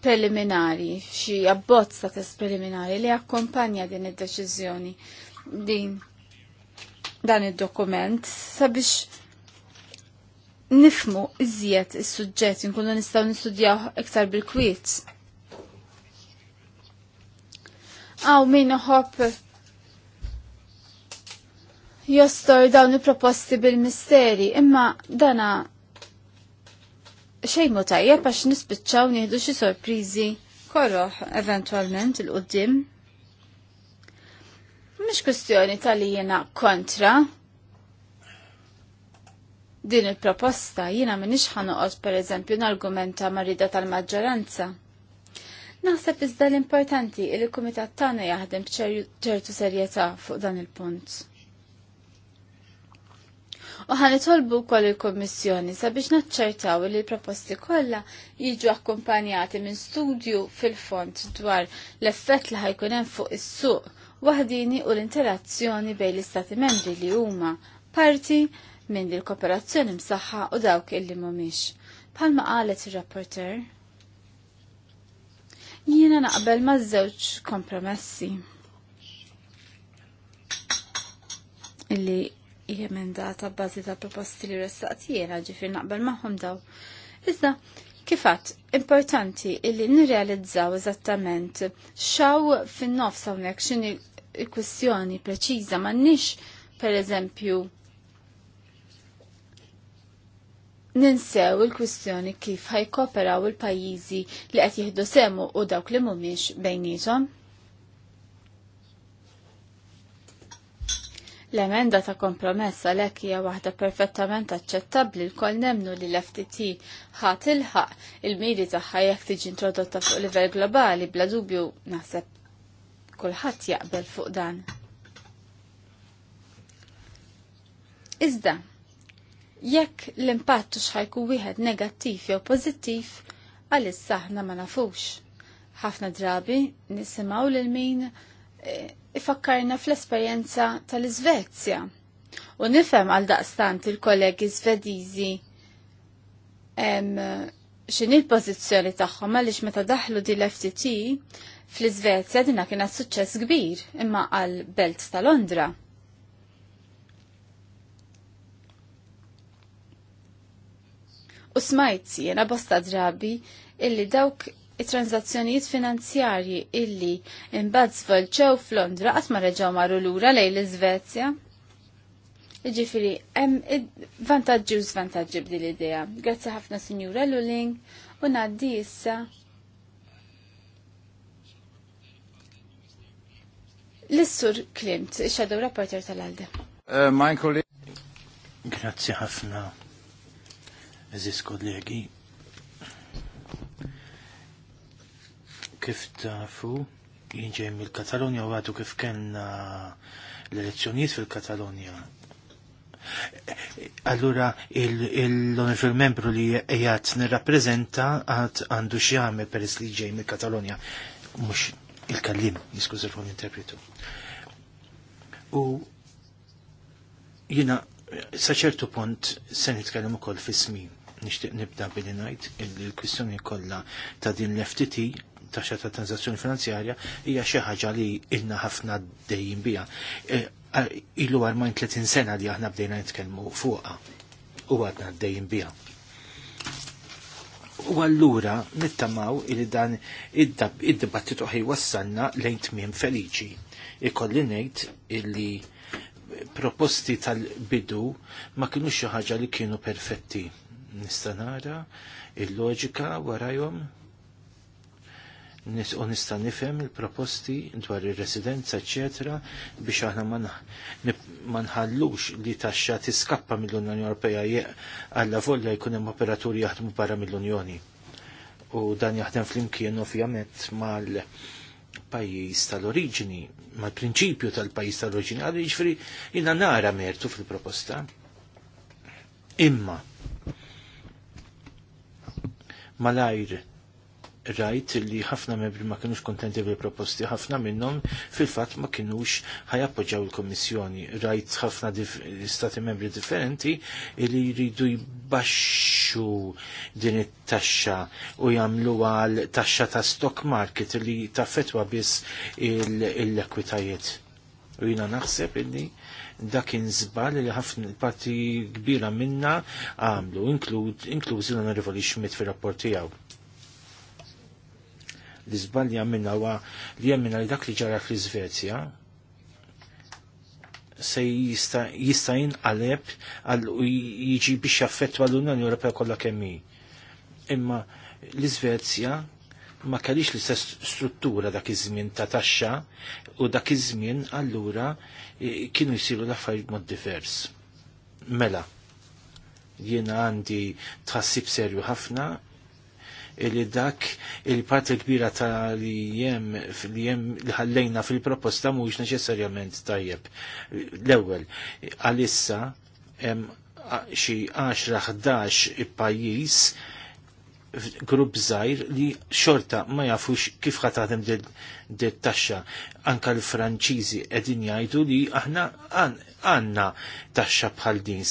preliminari, xi abbozz ta' test preliminari li akkompanja din id-deċiżjoni din dan id-dokument sabiex nifmu iżjed is-suġġett inkunu nistgħu nistudjaw iktar bil-kwiet. Aw min uħobb jostor dawn il-proposti bil-misteri, imma dana xejn mu tajjeb għax nispiċċaw nieħdu xi sorpriżi korroħ eventwalment il-qudiem. Mhix kwestjoni tal-li jiena kontra din il-proposta jiena ħa noqgħod pereżempju nargumenta marida tal-maġġoranza. Naħseb iżda l-importanti li l kumitat tagħna jaħdem b'ċertu serjetà fuq dan il-punt u ħan itolbu wkoll il-Kommissjoni sabiex naċċertaw li l-proposti kollha jiġu akkumpanjati minn studju fil-font dwar l-effett li ħajkun hemm fuq is-suq waħdini u l-interazzjoni bejn l-Istati membri li huma parti minn il-kooperazzjoni msaħħa u dawk illi mhumiex. Bħalma qalet ir-rapporter jiena naqbel maż żewġ kompromessi illi jemendata b'bażi ta' proposti li restaqt jiena ġifir naqbel magħhom daw. Iżda, kifat, importanti illi nirrealizzaw eżattament xaw fin-nofs hawnhekk x'inhi l-kwestjoni preċiża m'għandniex pereżempju ninsew il-kwistjoni kif ħajkoperaw il-pajjiżi li qed jieħdu semu u dawk li mhumiex bejnietom. L-emenda ta' kompromessa lek hija waħda perfettament aċċettabbli l koll nemnu li l-FTT ħat ilħaq il-miri tagħha jekk tiġi introdotta fuq livell globali bla dubju naħseb kulħadd jaqbel fuq dan. Iżda, jekk l-impattu xħajku wieħed negattiv jew pożittiv, għalissa aħna ma nafux. Ħafna drabi nisimgħu lil min eh, ifakkarna fl-esperjenza tal-Iżvezja. U nifhem għal daqstant il-kollegi svedizi x'in il-pożizzjoni tagħhom għaliex meta daħlu din l-FTT fl izvezja dinha kienet suċċess kbir imma għal Belt ta' Londra. U smajt jiena bosta drabi illi dawk it-transazzjonijiet finanzjarji illi imbagħad svolġew f'Londra qatt ma reġgħu marru lura lejn l-Iżvezja. Jiġifieri hemm vantaġġi u żvantaġġi b'din l-idea. Grazzi ħafna Sinjura Luling u ngħaddi issa L-Sur Klimt, xadow rapporter tal-Alde. Eh, Grazzi ħafna. Eżis kollegi kif tafu jinġej mill-Katalonja u għadu kif kellna l-elezzjonijiet fil-Katalonja. Allura, l-onorfil membru li jgħat nir-rapprezenta għad għandu xjame peress li ġej mill-Katalonja, mux il-kallim, jiskuż l interpretu. U jina, saċertu punt sen nitkellem ukoll fi fismi, nishtiq nibda billi ngħid il l-kwistjoni kollha ta' din l-FTT taxxa ta' transazzjoni finanzjarja hija xi ħaġa li ilna ħafna dejjin biha. E, Ilu għarmajn 30 sena li aħna bdejna nitkellmu fuqha u għadna dejjin biha. U allura nittamaw li dan id-dibattitu ħaj wassalna lejn tmiem feliċi. Ikolli ngħid illi proposti tal-bidu ma kienu xi ħaġa li kienu perfetti. Nista' nara il-loġika warajhom nis nista' nifhem il-proposti dwar ir-residenza eċetera biex aħna ma nħallux li taxxa tiskappa mill-Unjoni Ewropea għalla volja jkun hemm operaturi jaħdmu barra mill-Unjoni. U dan jaħdem flimkien ovvjament mal- pajjiż tal-oriġini, mal-prinċipju tal-pajjiż tal-oriġini, għal ġifri jiena nara mertu fil-proposta. Imma, malajr rajt li ħafna membri ma kienux kontenti bil-proposti, ħafna minnhom fil-fatt ma kienux ħajappoġġaw il-Kommissjoni. Rajt ħafna stati membri differenti li jridu jbaxxu din it-taxxa u jagħmlu għal taxxa ta' stock market li taffetwa biss l-ekwitajiet. U jina naħseb illi dakin zbal li ħafna parti kbira minna għamlu, inkluż l-onorevoli Schmidt fil-rapport tiegħu li zbalja minna wa li jemmina li dak li ġara fl-Iżvezja se jista' jinqaleb għal jiġi biex jaffettwa l-Unjoni Ewropea kollha kemm hi. Imma l-Iżvezja ma kellix l-istess struttura dak iż-żmien ta' taxxa u dak iż-żmien allura e, kienu jsiru l-affarijiet mod divers. Mela, jiena għandi tħassib serju ħafna li dak il-parti kbira ta' li jem li jem ħallejna fil-proposta mhuwiex neċessarjament tajjeb. L-ewwel, għalissa hemm xi 10-11 pajjiż grupp zaħir li xorta ma jafux kif ħatatem dit taxxa. Anka l-Franċiżi edin jgħidu li aħna għanna taxxa bħal din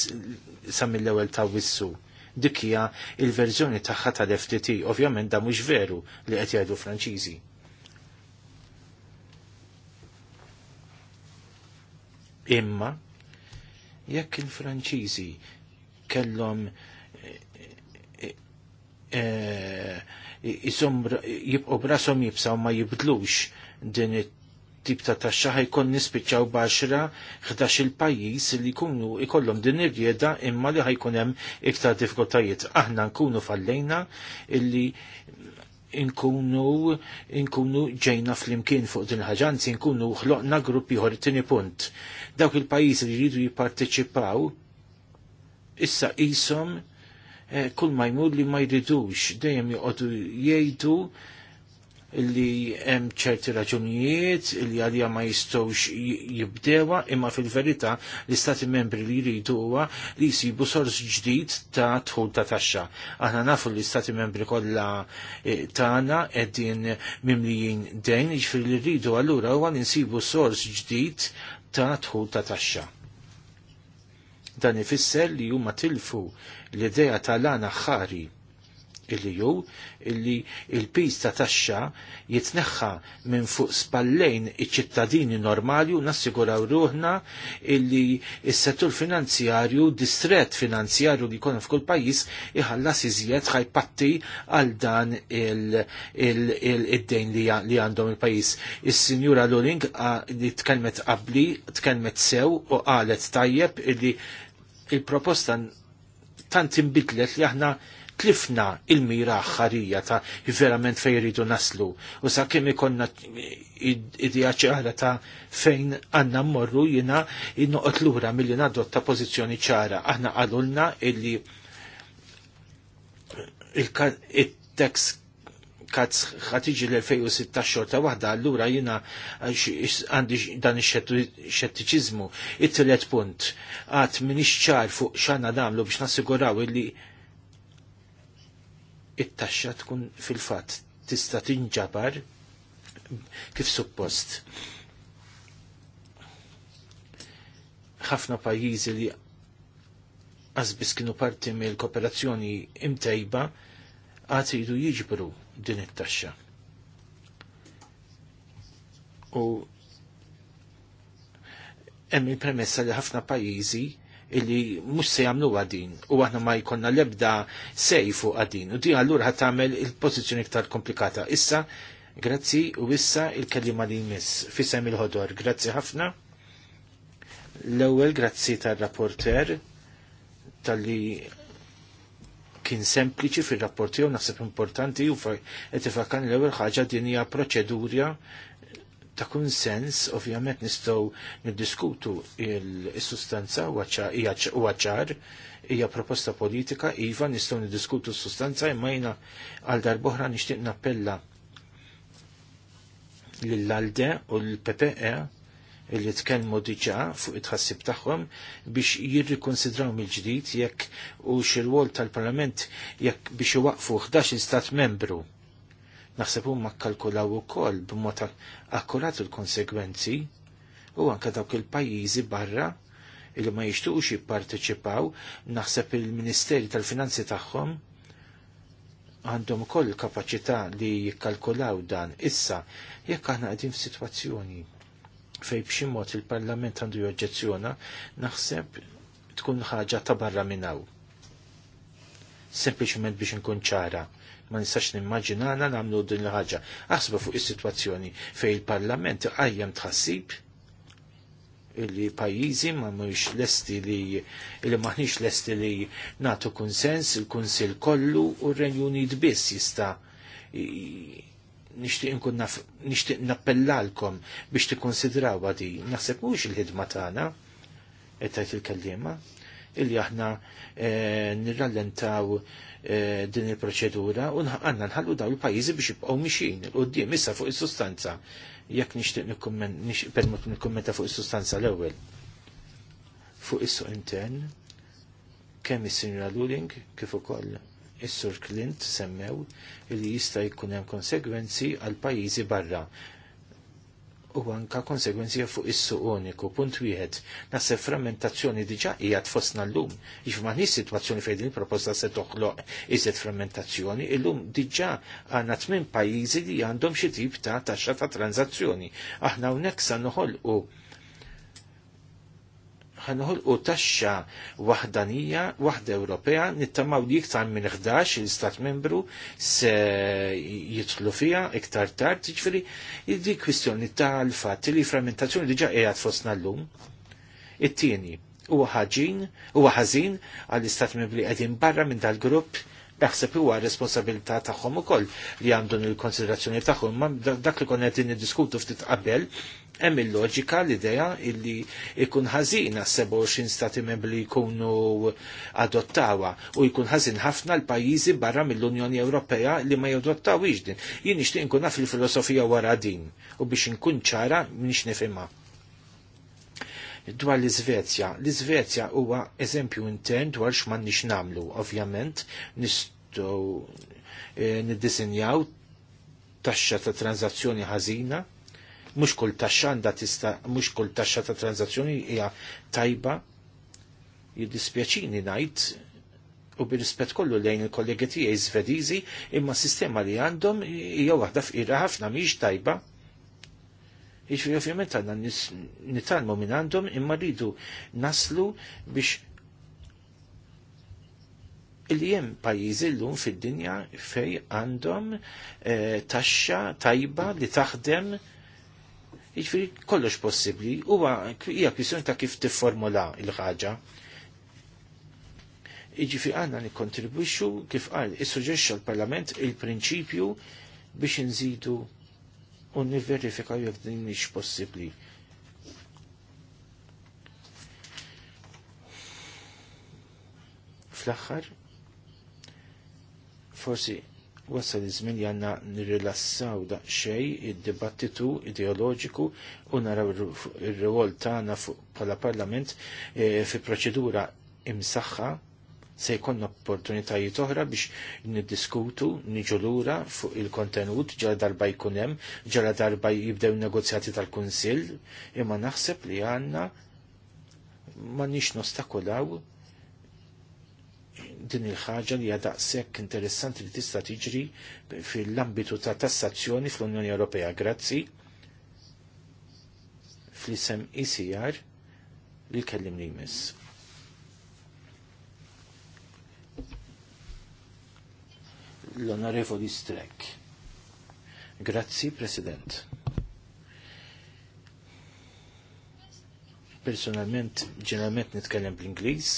sa mill-ewwel ta' wissu dik hija il-verżjoni tagħha tal-FTT, ovvjament da mhux veru li qed jgħidu Franċiżi. Imma jekk il-Franċiżi kellhom eh, eh, eh, jibqgħu brasom jibsaw ma jibdlux din it tip ta' taxxa ħajkun nispiċċaw baxra ħdax il-pajjiż li jkunu ikollhom din ir-rieda imma li ħajkun hemm iktar diffikultajiet. Aħna nkunu fallejna illi nkunu nkunu ġejna fl-imkien fuq din ħaġa, anzi nkunu ħloqna grupp ieħor tieni punt. Dawk il-pajjiż li jridu jipparteċipaw issa qishom eh, kull ma jmur li ma jridux dejjem joqogħdu jgħidu li hemm ċerti raġunijiet li għalija ma jistgħux jibdewa imma fil-verità l-istati membri li jridu huwa li jsibu sors ġdid ta' tħul ta' taxxa. Aħna nafu l-istati membri kollha e, tagħna qegħdin mimlijin dejn jiġifieri li rridu allura huwa ninsibu sors ġdid ta' tħul ta' taxxa. Dan ifisser li huma tilfu l-idea tal-għana ħari illi ju illi il-pis ta' taxxa jitneħħa minn fuq spallejn iċ-ċittadini normali u nassiguraw ruħna illi s-settur finanzjarju, distret finanzjarju li jkun f'kull pajjiż iħallas iżjed ħajpatti għal dan il-dejn li għandhom il-pajjiż. Is-Sinjura Luling li tkellmet qabli, tkellmet sew u qalet tajjeb illi il-proposta tant imbidlet li aħna tlifna il-mira ħarija ta' verament fejn jridu naslu. U sa' kemm ikonna dija ċara ta' fejn għanna mmorru jina innoqot lura mill-li ta' pożizzjoni ċara. Aħna għalulna illi il teks cuts ħatiġi l-2016 xorta waħda, allura jina għandi dan il-xettiċizmu. it tillet punt, għat minix ċar fuq xana damlu biex nassiguraw illi it-taxxa tkun fil-fatt tista' tinġabar kif suppost. ħafna pajjiżi li għazbis kienu parti mill kooperazzjoni imtejba għad jridu jiġbru din it-taxxa. U hemm il-premessa li ħafna pajjiżi illi mux se jamlu għadin u għahna ma jkonna lebda sejfu għadin u di għallur ħatamel il-pozizjoni iktar komplikata. Issa, grazzi u issa il-kellima li jmiss Fissem il-ħodor. Grazzi ħafna. L-ewel grazzi tal-rapporter tal-li kien sempliċi fil-rapporti u naħseb importanti u qed l-ewwel ħaġa din hija proċedura ta' sens ovvjament nistgħu niddiskutu il-sustanza u għacċar hija proposta politika, iva nistgħu niddiskutu s-sustanza imma jiena għal darboħra nixtieq nappella lill-Alde u l-PPE li tkellmu diġà fuq it-ħassib tagħhom biex jirrikonsidraw mill-ġdid jekk u xil-wol tal-Parlament jekk biex iwaqfu 11 stat membru Naħseb huma kkalkulaw ukoll b'mod akkurat il-konsegwenzi u anke dawk il-pajjiżi barra li ma jixtuqx jipparteċipaw, naħseb il-Ministeri tal-Finanzi tagħhom għandhom ukoll kapaċità li jikkalkulaw dan issa jekk aħna qegħdin f'sitwazzjoni fej b'xi mod il-Parlament għandu joġġezzjona, naħseb tkun ħaġa ta' barra minnaw. Sempliċement biex nkun ċara ma nistax nimmaġinana nagħmlu din l-ħaġa. Aħsbu fuq is-sitwazzjoni fejn il-Parlament għajjem tħassib li pajjiżi ma mhux lesti li illi maħniex lesti li nagħtu kunsens il-Kunsill kollu u r-Renju biss jista' nixtieq naf nixtieq nappellalkom biex tikkonsidraw għadi. Naħseb mhux il-ħidma tagħna qed tajt il-kellima, illi aħna eh, nirrallentaw eh, din il-proċedura u għanna nħallu daw il-pajizi biex jibqgħu mixin il-qoddim issa fuq is-sustanza. Jekk nixtieq permut nikkummenta fuq is-sustanza l-ewwel. Fuq is-suq intern kemm is-sinjura Luling kif ukoll is-Sur Clint semmew li jista' jkun hemm konsegwenzi għal pajjiżi barra u anka konsegwenzi fuq is-suq uniku. Punt wieħed, nasse frammentazzjoni diġà hija l llum. Jif maħniex sitwazzjoni fejn il-proposta se toħloq iżed frammentazzjoni, illum diġà għandna tmien pajjiżi li għandhom xi tip ta' taxxa ta' tranzazzjoni. Aħna hawnhekk sa noħolqu u taxxa wahdanija, waħda Ewropea, nittamaw li iktar minn 11 il-Stat membru se jitlu fija iktar tard, id jiġifieri, di kwistjoni tal-fatt li frammentazzjoni diġà fosna fostna llum. It-tieni huwa ħaġin, huwa ħażin għall-Istat membri qegħdin barra minn dal-grupp naħseb huwa responsabilità tagħhom ukoll li għandhom il-konsiderazzjoni tagħhom ma dak li konna qed niddiskutu ftit qabel hemm il-loġika l-idea illi ikun ħażin għas 27 stati membri li jkunu adottawa u jkun ħażin ħafna l-pajjiżi barra mill-Unjoni Ewropea li ma jadottawix din. Jien nixtieq nkun naf il-filosofija wara din u biex nkun ċara minix nifhimha dwar l izvezja l izvezja huwa eżempju intern dwar x'man nix namlu, ovvjament, nistgħu e, niddisinjaw taxxa ta' tranzazzjoni ħażina mhux kull taxxa għandha tista' mhux kull taxxa ta' tranzazzjoni hija tajba jiddispjaċini ngħid u bil rispett kollu lejn il-kollegi tiegħi Svedizi, imma sistema li għandhom hija waħda fqira ħafna mhix tajba. Jiġri ovvjament għandna nitalmu minn għandhom imma rridu naslu biex li jem pajizi l-lum fil-dinja fej għandhom eh, taxxa tajba li taħdem Jiġifieri kollox possibbli, huwa hija kwistjoni ta' kif tifformula l-ħaġa. Jiġifieri għandna nikkontribwixxu kif qal issuġġexxa l-Parlament il-prinċipju biex inżidu u nivverifika jekk din mhix possibbli. Fl-aħħar, forsi wasal iż-żmien janna nirrilassaw nirrilassaw xej id-dibattitu ideoloġiku u naraw ir rewol tagħna bħala parlament e, fi proċedura imsaħħa se jkollna opportunitajiet oħra biex niddiskutu, niġu lura fuq il-kontenut ġara darba jkun hemm, ġara darba jibdew negozjati tal-Kunsill, imma naħseb li għandna ma nix nostakolaw din il-ħaġa li sekk interessanti li tista' tiġri fil-ambitu ta' tassazzjoni fl-Unjoni Ewropea. Grazzi fl-isem ICR e li kellim li jmiss. L-Onorevoli Strek. Grazzi, President. Personalment, ġeneralment nitkellem bl-Ingliż,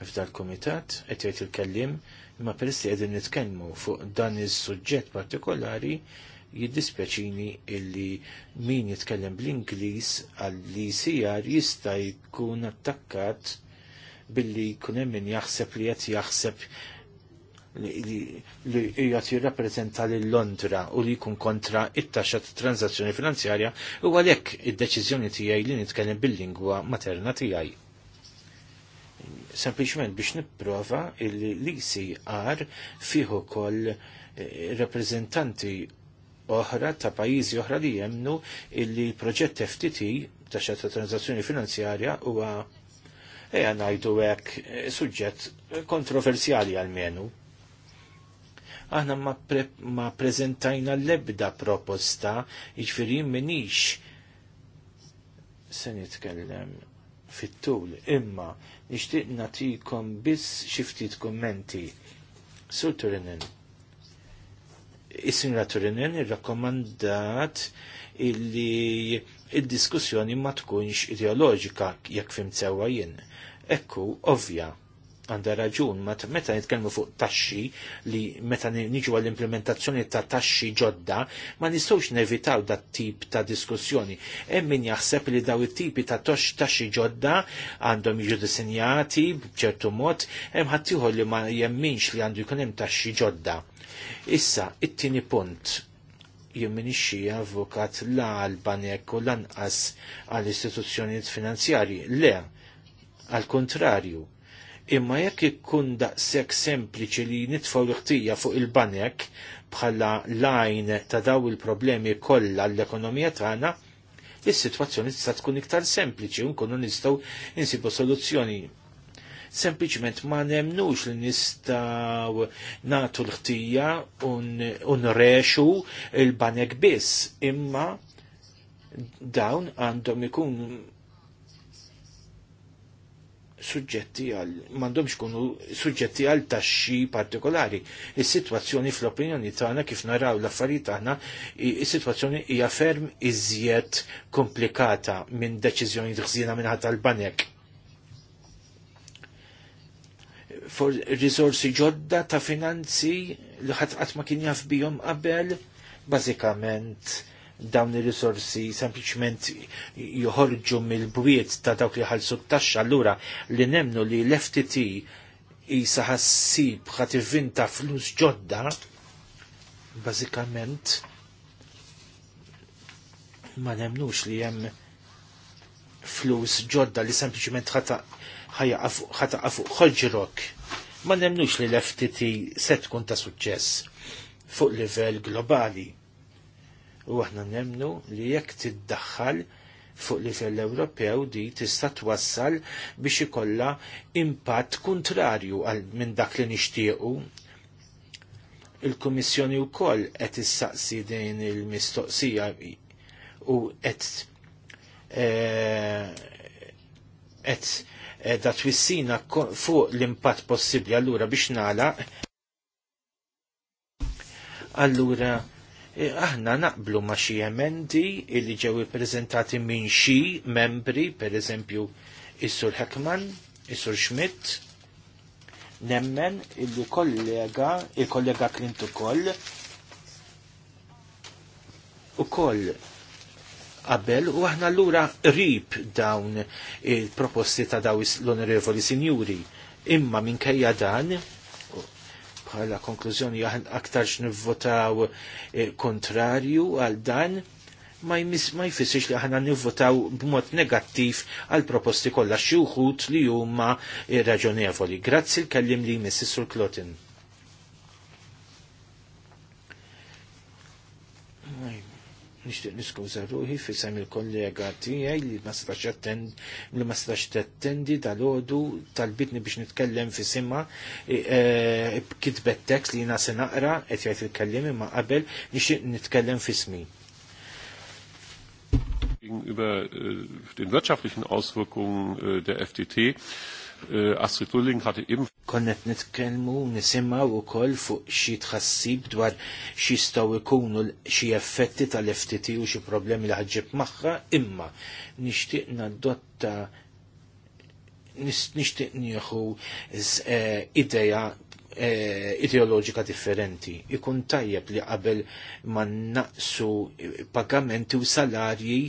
f'dal kumitat qed jgħid il-kellim, imma li qegħdin nitkellmu fuq dan is-suġġett partikolari jiddispjaċini illi min jitkellem bl-Ingliż għalli sijar jista' jkun attakkat billi jkun hemm min jaħseb li qed jaħseb li jgħat jirrapprezenta li Londra u li jkun kontra it-taxxa transazzjoni finanzjarja u għalhekk id-deċiżjoni tiegħi li nitkellem bil-lingwa materna tiegħi sempliċement biex nipprova li l-ICR fiħu kol eh, rappresentanti oħra ta' pajizi oħra li jemnu illi proġett FTT ta' xa ta' transazzjoni finanzjarja huwa eja najdu għek eh, suġġett kontroversjali għal-menu. Aħna ma, pre, ma prezentajna l-ebda proposta, iġfiri minix se nitkellem fit-tul, imma nixtieq natikom biss xi ftit kummenti. Sur Turinen. Is-Sinra Turinen irrakkomandat illi il diskussjoni ma tkunx ideoloġika jekk fim sewwa jien. Ekku ovvja għandha raġun, meta nitkellmu fuq taxxi li meta niġu għall-implementazzjoni ta' taxxi ġodda, ma nistgħux nevitaw dat tip ta' diskussjoni. Hemm min jaħseb li daw it-tipi ta' taxxi ġodda għandhom jiġu disinjati b'ċertu mod, hemm ħaddieħor li ma jemminx li għandu jkun hemm taxxi ġodda. Issa, it-tieni punt jien minixxi avvokat la għal banek u lanqas għal istituzzjonijiet finanzjarji. Le, għal kontrarju, Imma jekk ikkun daqshekk sempliċi li nitfgħu l-ħtija fuq il-banek bħala lajn ta' daw il-problemi kollha l-ekonomija tagħna, is-sitwazzjoni tista' tkun iktar sempliċi u nkunu nistgħu insibu soluzzjoni Sempliċement ma nemnux li nistaw natu l-ħtija un-reċu u nrexu il banek biss, imma dawn għandhom ikun suġġetti għal, mandom kunu suġġetti għal taxxi partikolari. Is-sitwazzjoni fl-opinjoni tagħna kif naraw l-affarijiet tagħna, is-sitwazzjoni hija ferm iżjed komplikata minn deċiżjoni ħżiena minn ħadd tal-banek. For risorsi ġodda ta' finanzi li ħadd qatt ma kien jaf bihom qabel, bażikament dawn ir-risorsi sempliċement joħorġu mill-bwiet ta' dawk li ħalsu t-taxxa allura li nemnu li l-FTT jisa ħassib ħativvinta flus ġodda bażikament ma nemnux li hemm flus ġodda li sempliċement ħataqa fuq ħolġrok. Ma nemnux li l-FTT se tkun ta' suċċess fuq livell globali. U aħna nemnu li jekk tiddaħħal fuq livell Ewropew di tista' twassal biex ikollha impatt kontrarju għal minn dak li nixtiequ. Il-Kummissjoni wkoll qed issaqsi din il-mistoqsija u qed e, qed da twissina fuq l-impatt possibbli allura biex nagħlaq. Allura E, aħna naqblu ma xi emendi illi ġew ippreżentati minn xi membri, pereżempju is-Sur Hekman, is-Sur Schmidt, nemmen illi kollega, il-kollega Clint ukoll ukoll qabel u aħna lura rib dawn il-proposti ta' daw l-onorevoli sinjuri. Imma minkejja dan, bħala konklużjoni aktar nivvotaw eh, kontrarju għal dan ma jfissirx li aħna nivvotaw b'mod negattiv għal proposti kollha xi wħud li huma eh, raġonevoli. Grazzi l-kellim li jmiss Sur Klotin. nixtieq niskuża ruħi sem il-kollega tijaj li ma setax attend li ma setax tattendi tal tal-bitni biex nitkellem fi sima e, e, kitbet tekst li jina se naqra qed jgħid il kellem imma qabel nishtiq nitkellem fismi. Gegenüber äh, den wirtschaftlichen Auswirkungen äh, der FDT. Äh, Astrid Ulling ħati im. Konnet nitkelmu nisimaw u koll fuq xie tħassib dwar xie staw ikunu xie effetti tal-FTT u xie problemi laħġib maħħa imma nishtiqna dotta nishtiq nieħu e, ideja e, ideologika differenti. Ikun tajjeb li qabel ma naqsu pagamenti u salarji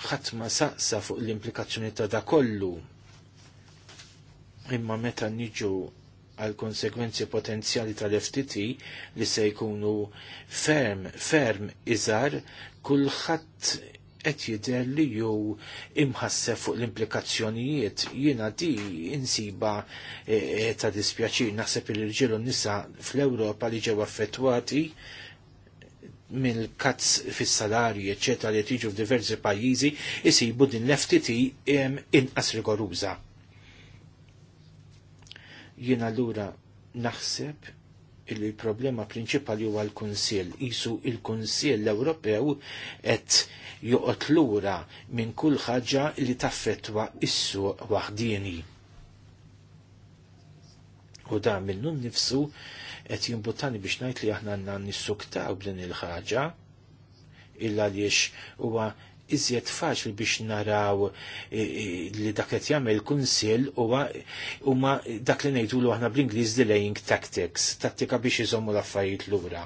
ħatma saqsa fuq l-implikazzjoni ta' da kollu. Imma meta niġu għal konsekwenzi potenzjali tal-FTT li se jkunu ferm, ferm iżar, kullħat qed jidher li jew imħassef fuq l-implikazzjonijiet jiena di insiba e, e, ta' dispjaċir naħseb il-irġiel nisa fl-Ewropa li ġew affettwati mill-kazz fis-salarji, eċċetera li tiġu f'diversi pajjiżi isibu din l-FTT inqas rigoruża. Jien allura naħseb il problema prinċipali huwa l-Kunsill. Isu il-Kunsill Ewropew qed joqgħod lura minn kull ħaġa li taffettwa issu waħdieni. U da minnu nifsu qed jimbutani biex ngħid li aħna għandna nissuktaw b'din il-ħaġa illa għaliex huwa iżjed faċli biex naraw e, e, li dak qed jagħmel kunsill huwa huma dak li ngħidulu aħna bl-Ingliż delaying tactics, tattika biex iżommu l-affarijiet lura.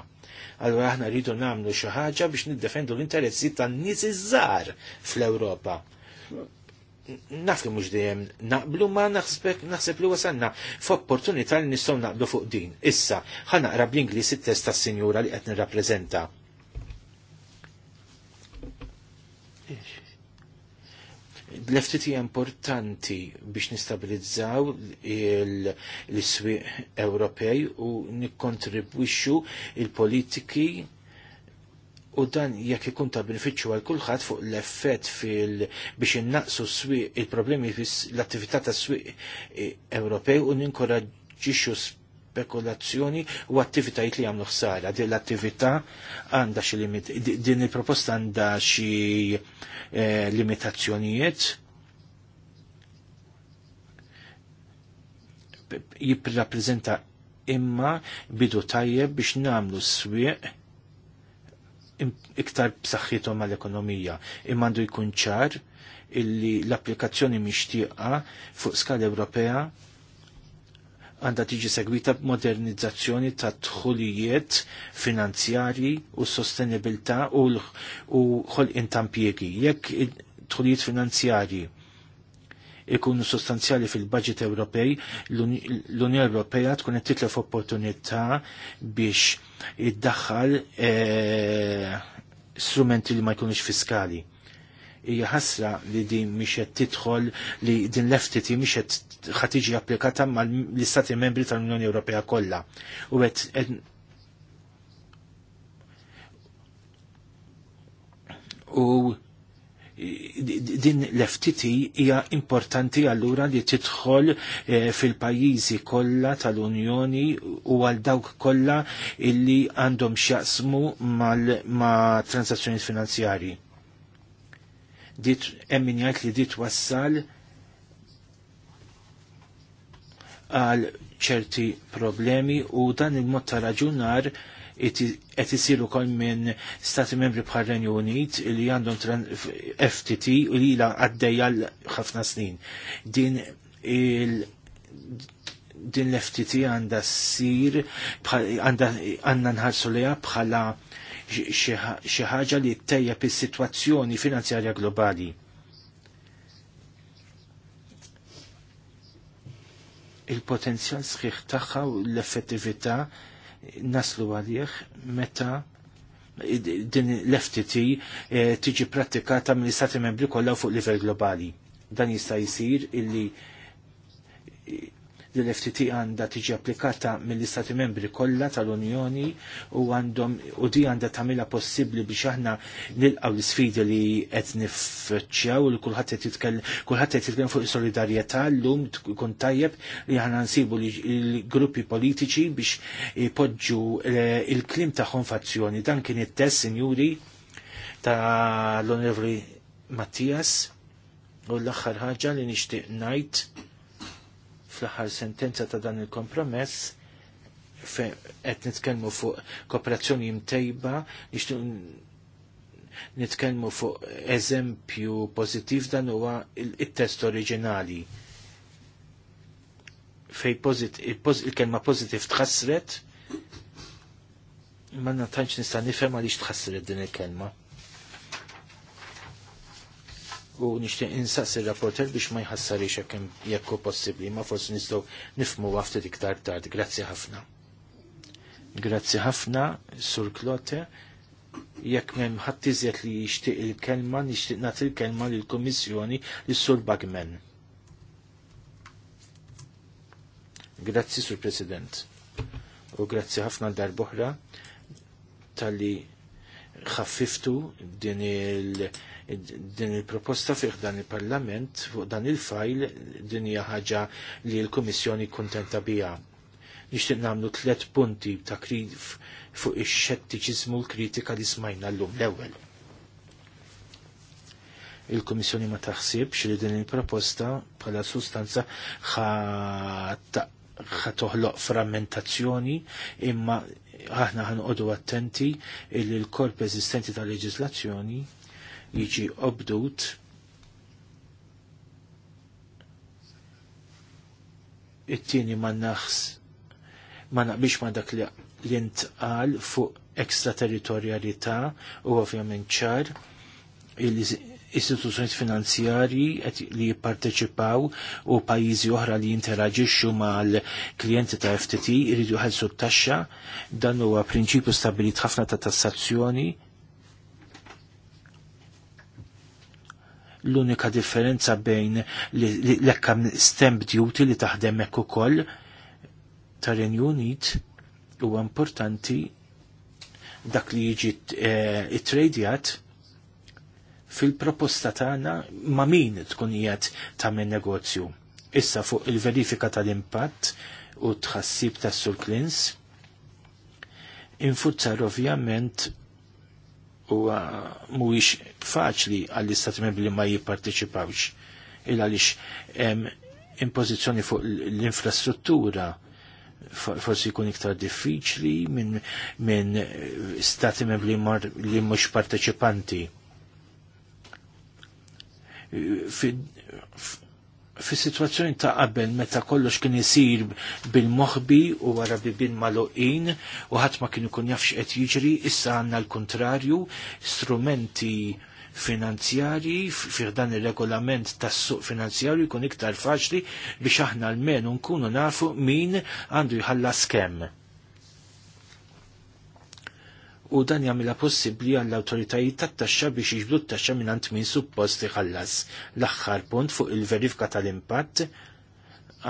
Allura aħna rridu nagħmlu xi ħaġa biex niddefendu l-interessi tan-nies iż-żgħar fl-Ewropa naf li mux dejjem naqblu ma naħsbek naħseb li wasanna f'opportunità li nistgħu naqblu fuq din. Issa, ħa naqra bl-Ingliż it-test tas-sinjura li qed nirrappreżenta. L-FTT importanti biex nistabilizzaw l-iswiq Ewropej u nikkontribwixxu il-politiki u dan jekk ikun ta' benefiċċju għal kulħadd fuq l-effett fil biex innaqsu s-swieq il-problemi l-attività ta' swieq Ewropew u ninkoraġġixxu spekulazzjoni u attivitajiet li għamlu ħsara. Din l-attività għandha xi limit, din il-proposta għandha xi e, limitazzjonijiet jipprappreżenta imma bidu tajjeb biex namlu s-swieq iktar b'saħħithom għall ekonomija għandu jkun ċar illi l-applikazzjoni mixtieqa fuq skala Ewropea għandha tiġi segwita b'modernizzazzjoni ta' tħulijiet finanzjarji u sostenibilità u l-ħolqin tampjegi. Jekk tħulijiet finanzjarji ikunu sostanzjali fil-budget Ewropej, l-Unjoni Ewropea tkun qed titlef opportunità biex iddaħħal e, strumenti li ma jkunux fiskali. Hija ħasra li din mhix qed tidħol li din leftiti mhix qed ħatiġi applikata mal-istati membri tal-Unjoni Ewropea kollha. U qed u din l-FTT hija importanti allura li tidħol eh, fil-pajjiżi kollha tal-Unjoni u għal dawk kollha illi għandhom x'jaqsmu ma' transazzjoni finanzjari. Dit emmin jgħid li dit wassal għal ċerti problemi u dan il-mod ta' raġunar qed isir ukoll minn Stati Membri bħal Renju Unit li għandhom FTT u li ilha għaddejja ħafna snin. Din il din l-FTT għandha ssir għandna nħarsu liha bħala xi ħaġa li ttejjeb is-sitwazzjoni finanzjarja globali. il-potenzjal sħiħ tagħha u l-effettività naslu għalih meta din l-FTT eh, tiġi pratikata mill-Istati membri kollha fuq livell globali. Dan jista' jsir illi li l-FTT għanda tiġi applikata mill-Istati membri kollha tal-Unjoni u għandhom u di għanda tagħmilha possibbli biex aħna nilqgħu l-sfidi li qed nifċċjaw li kulħadd qed jitkellem kulħadd qed jitkellem fuq is-solidarjetà llum tkun tajjeb li aħna nsibu l-gruppi politiċi biex ipoġġu eh, il-klim tagħhom fazzjoni. Dan kien it-test, sinjuri, ta' l-Onorevoli Mattias u l-axħar ħaġa li nixtieq ngħid fl-aħħar sentenza ta' dan il-kompromess qed nitkellmu fuq kooperazzjoni mtejba nixtieq nitkellmu fuq eżempju pożittiv dan huwa il test oriġinali fej il-kelma pożittiv tħassret ma natanċ nista' nifhem għaliex tħassret din il-kelma u nixtieq insaqs ir-rapporter biex ma jħassari xekken jekk hu possibbli, ma forsi nistgħu nifmu ftit iktar tard. Grazzi ħafna. Grazzi ħafna, Sur Klote. Jekk m'hemm ħadd iżjed li jixtieq il-kelma, nixtieq nagħti il-kelma lill-Kummissjoni lis-Sur Bagmen. Grazzi, Sur President. U grazzi ħafna darbohra tal-li ħaffiftu din il- din il-proposta fiħ dan il-Parlament fuq dan il-fajl din hija ħaġa li l-Kummissjoni kuntenta biha. Nixtieq nagħmlu tliet punti ta' fuq ix-xettiċiżmu l-kritika li smajna llum l-ewwel. Il-Kummissjoni ma taħsibx li din il-proposta bħala sustanza ħa toħloq frammentazzjoni imma aħna ħanqodu attenti il l-korp eżistenti tal-leġislazzjoni jiġi obdut it-tieni ma naħs ma naqbix ma dak li intqal fuq ekstraterritorjalità u ovvjament ċar istituzzjoni finanzjarji li jipparteċipaw u pajjiżi oħra li jinteraġixxu mal-klijenti ta' FTT jridu ħelsu t-taxxa dan huwa prinċipju stabbilit ħafna ta' tassazzjoni L-unika differenza bejn l ekka stamp duty li taħdem hekk ukoll tar-Renju Unit huwa importanti dak li jiġi eh, it tradijat fil-proposta tagħna ma' min tkun qiegħed tagħmel negozju. Issa fuq il-verifika tal-impatt u tħassib tas-surklins, infuzzar ovvjament u mhuwiex faċli għall-istati membri li ma jipparteċipawx il għaliex hemm impożizzjoni fuq l-infrastruttura forsi jkun iktar diffiċli minn min stati membri li mhux parteċipanti fi situazzjoni ta' qabel meta kollox kien isir bil-moħbi u wara bibin maluqin u ħadd ma kien ikun jafx qed jiġri, issa għandna l-kontrarju, strumenti finanzjari fih dan ir-regolament tas-suq finanzjarju jkun iktar faċli biex aħna l-menu nkunu nafu min għandu jħalla skem u dan jagħmilha possibbli għall awtoritajiet tat-taxxa biex jiġbdu t-taxxa mingħand min suppost iħallas. L-aħħar punt fuq il-verifika tal-impatt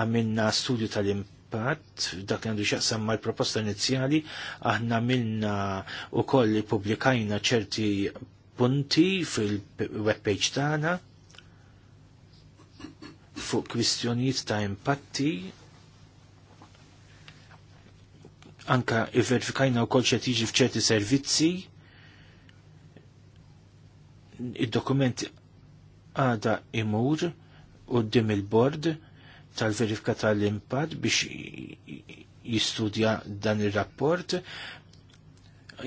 għamilna studju tal-impatt dak li għandu xaqsam mal proposta inizjali aħna milna u koll pubblikajna ċerti punti fil-webpage tagħna fuq kwistjonijiet ta' impatti anka i-verifikajna u kolċa tiġi fċerti servizzi, il-dokument għada imur u d-dim il-bord tal-verifika tal-impad biex jistudja dan il-rapport.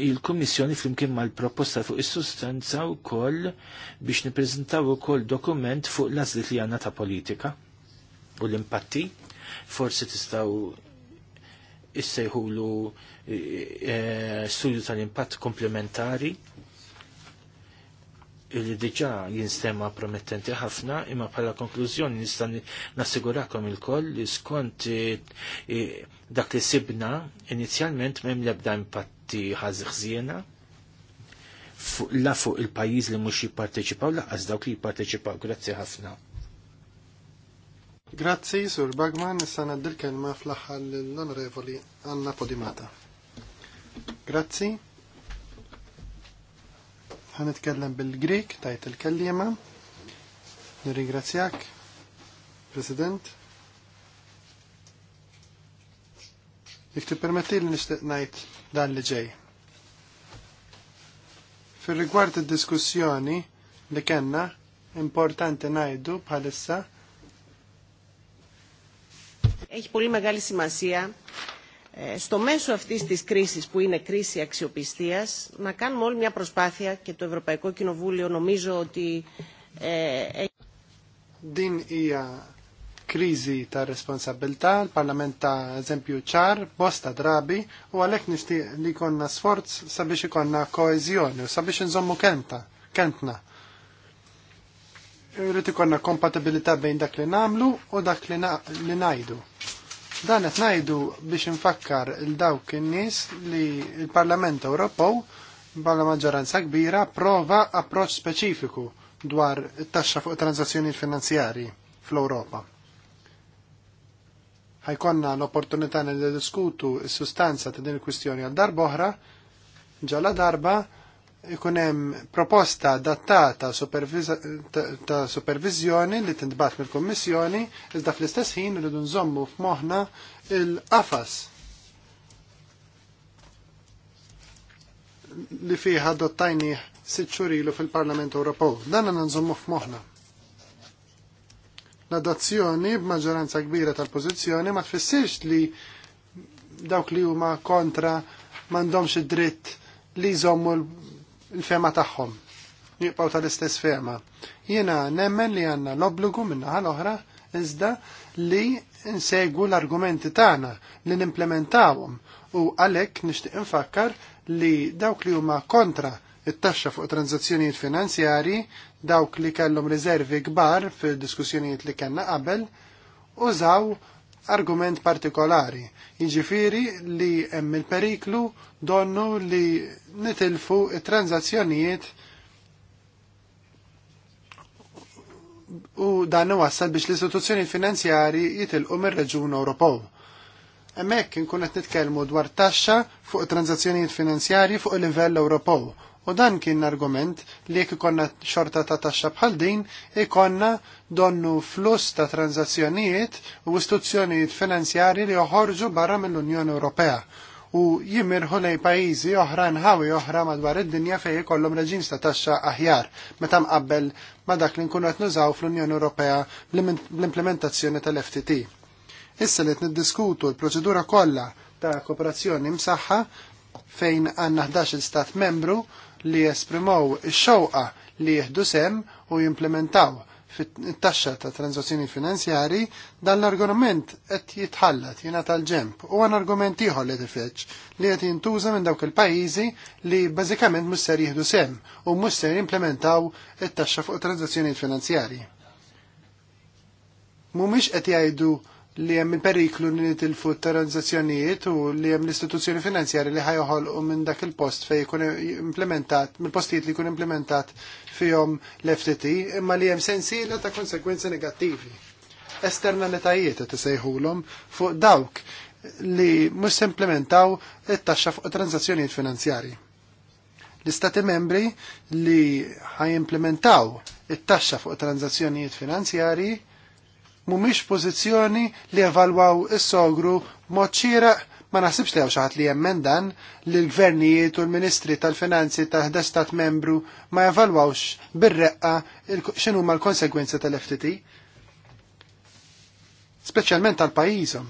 Il-Kommissjoni flimkien mal-proposta fuq is-sustanza u koll biex niprezentaw u koll dokument fuq l azdit li għanna ta' politika u l-impatti. Forsi tistaw issejħulu eh, eh, studju tal-impatt komplementari li diġa jinstema promettenti ħafna imma bħala konklużjoni nistan nassigurakom il-koll li skont eh, dak li sibna inizjalment mem lebda impatti ħazħżiena la fuq il-pajiz li mux jipparteċipaw laqqas dawk li jipparteċipaw grazzi ħafna. Grazzi, Sur Bagman, nissa naddil kelma fl-aħħar l-Onorevoli Anna Podimata. Grazzi. kellem bil-Grik, tajt il-kellima. Nirringrazzjak, President. Jek ti permetti li nishtiq najt dan li ġej. Fil-rigward id-diskussjoni li kena, importanti najdu bħalissa Έχει πολύ μεγάλη σημασία στο μέσο αυτής της κρίσης που είναι κρίση αξιοπιστίας να κάνουμε όλη μια προσπάθεια και το Ευρωπαϊκό Κοινοβούλιο νομίζω ότι Din hija krizi ta' responsabilta, l parlament ta' eżempju ċar, bosta drabi, u għalek nishtiq li konna sforz sabiex ikonna koezjoni, sabiex nżommu kelmta, kelmtna. Irrid konna kompatibilità bejn dak li nagħmlu u dak li, najdu. ngħidu. Dan qed ngħidu biex infakkar il dawk in-nies li l-Parlament Ewropew bħala maġġoranza kbira prova approċċ speċifiku dwar it-taxxa fuq transazzjonijiet finanzjarji fl-Ewropa. Ħajkonna l-opportunità li diskutu s-sustanza ta' din il-kwistjoni għal darba oħra, ġala darba ikun hemm proposta adattata ta' supervizjoni li tindbat mill-Kummissjoni iżda fl-istess ħin irridu nżommu f'moħħna il-qafas li fiħa dottajni sitxurilu fil-Parlament Ewropew. Dan għanna nżommu f'moħna. L-adozzjoni b'maġġoranza kbira tal-pożizzjoni ma tfissirx li dawk li huma kontra m'għandhomx id-dritt li jżommu il-fema tagħhom. Jibqgħu tal-istess fema. Jiena nemmen li għandna l-obbligu minna l-oħra iżda li nsegwu l-argumenti tagħna li nimplementawhom u għalhekk nixtieq infakkar li dawk li huma kontra it-taxxa fuq tranzazzjonijiet finanzjari, dawk li kellhom riservi kbar fil-diskussjonijiet li kellna qabel, użaw argument partikolari, jiġifieri li hemm il-periklu donnu li nitilfu it-tranzazzjonijiet u dan wassal biex l-istituzzjoni finanzjari jitilqu mir-Reġun Ewropew. Hemmhekk inkun qed nitkellmu dwar taxxa fuq transazzjonijiet finanzjarji fuq il livell Ewropew U dan kien argument li jekk ikonna xorta ta' taxxa bħal din, ikonna donnu flus ta' tranzazzjonijiet u istituzzjonijiet finanzjari li joħorġu barra mill-Unjoni Ewropea u jimirħu lej pajizi oħra nħawi oħra madwar id-dinja fej kollom reġim ta' taxxa aħjar meta mqabbel ma dak li nkunu qed nużaw fl-Unjoni Ewropea bl-implementazzjoni tal-FTT. Issa li niddiskutu l-proċedura kollha ta' kooperazzjoni msaħħa fejn għandna 11 stat membru li jesprimaw il xewqa li jieħdu sem u jimplementaw fit-taxxa ta' transazzjoni finanzjari dan l-argument qed jitħallat jiena tal-ġemp u għan argument ieħor li tifeċ li qed jintuża minn dawk il-pajjiżi li bażikament mhux ser jieħdu sem u mhux ser jimplementaw it-taxxa fuq transazzjonijiet finanzjari. Mhumiex qed jgħidu li hemm il-periklu li nitilfu t-tranzazzjonijiet u li hemm l-istituzzjoni finanzjari li ħajjoħolqu minn dak il-post fejn jkun implementat, mill-postijiet li jkun implementat fihom l-FTT, imma li hemm sensiela ta' konsekwenzi negattivi. Esternalitajiet qed isejħulhom fuq dawk li mhux implementaw it-taxxa fuq tranzazzjonijiet finanzjari. L-istati membri li ħajimplementaw it-taxxa fuq tranzazzjonijiet finanzjari mhumiex pożizzjoni li evalwaw is-sogru mod xieraq ma naħsibx li xaħat li jemmen dan li l-gvernijiet u l-ministri tal-finanzi ta' stat membru ma javalwawx bil-reqqa xinu ma l konsegwenza tal-FTT. Speċjalment tal-pajizom,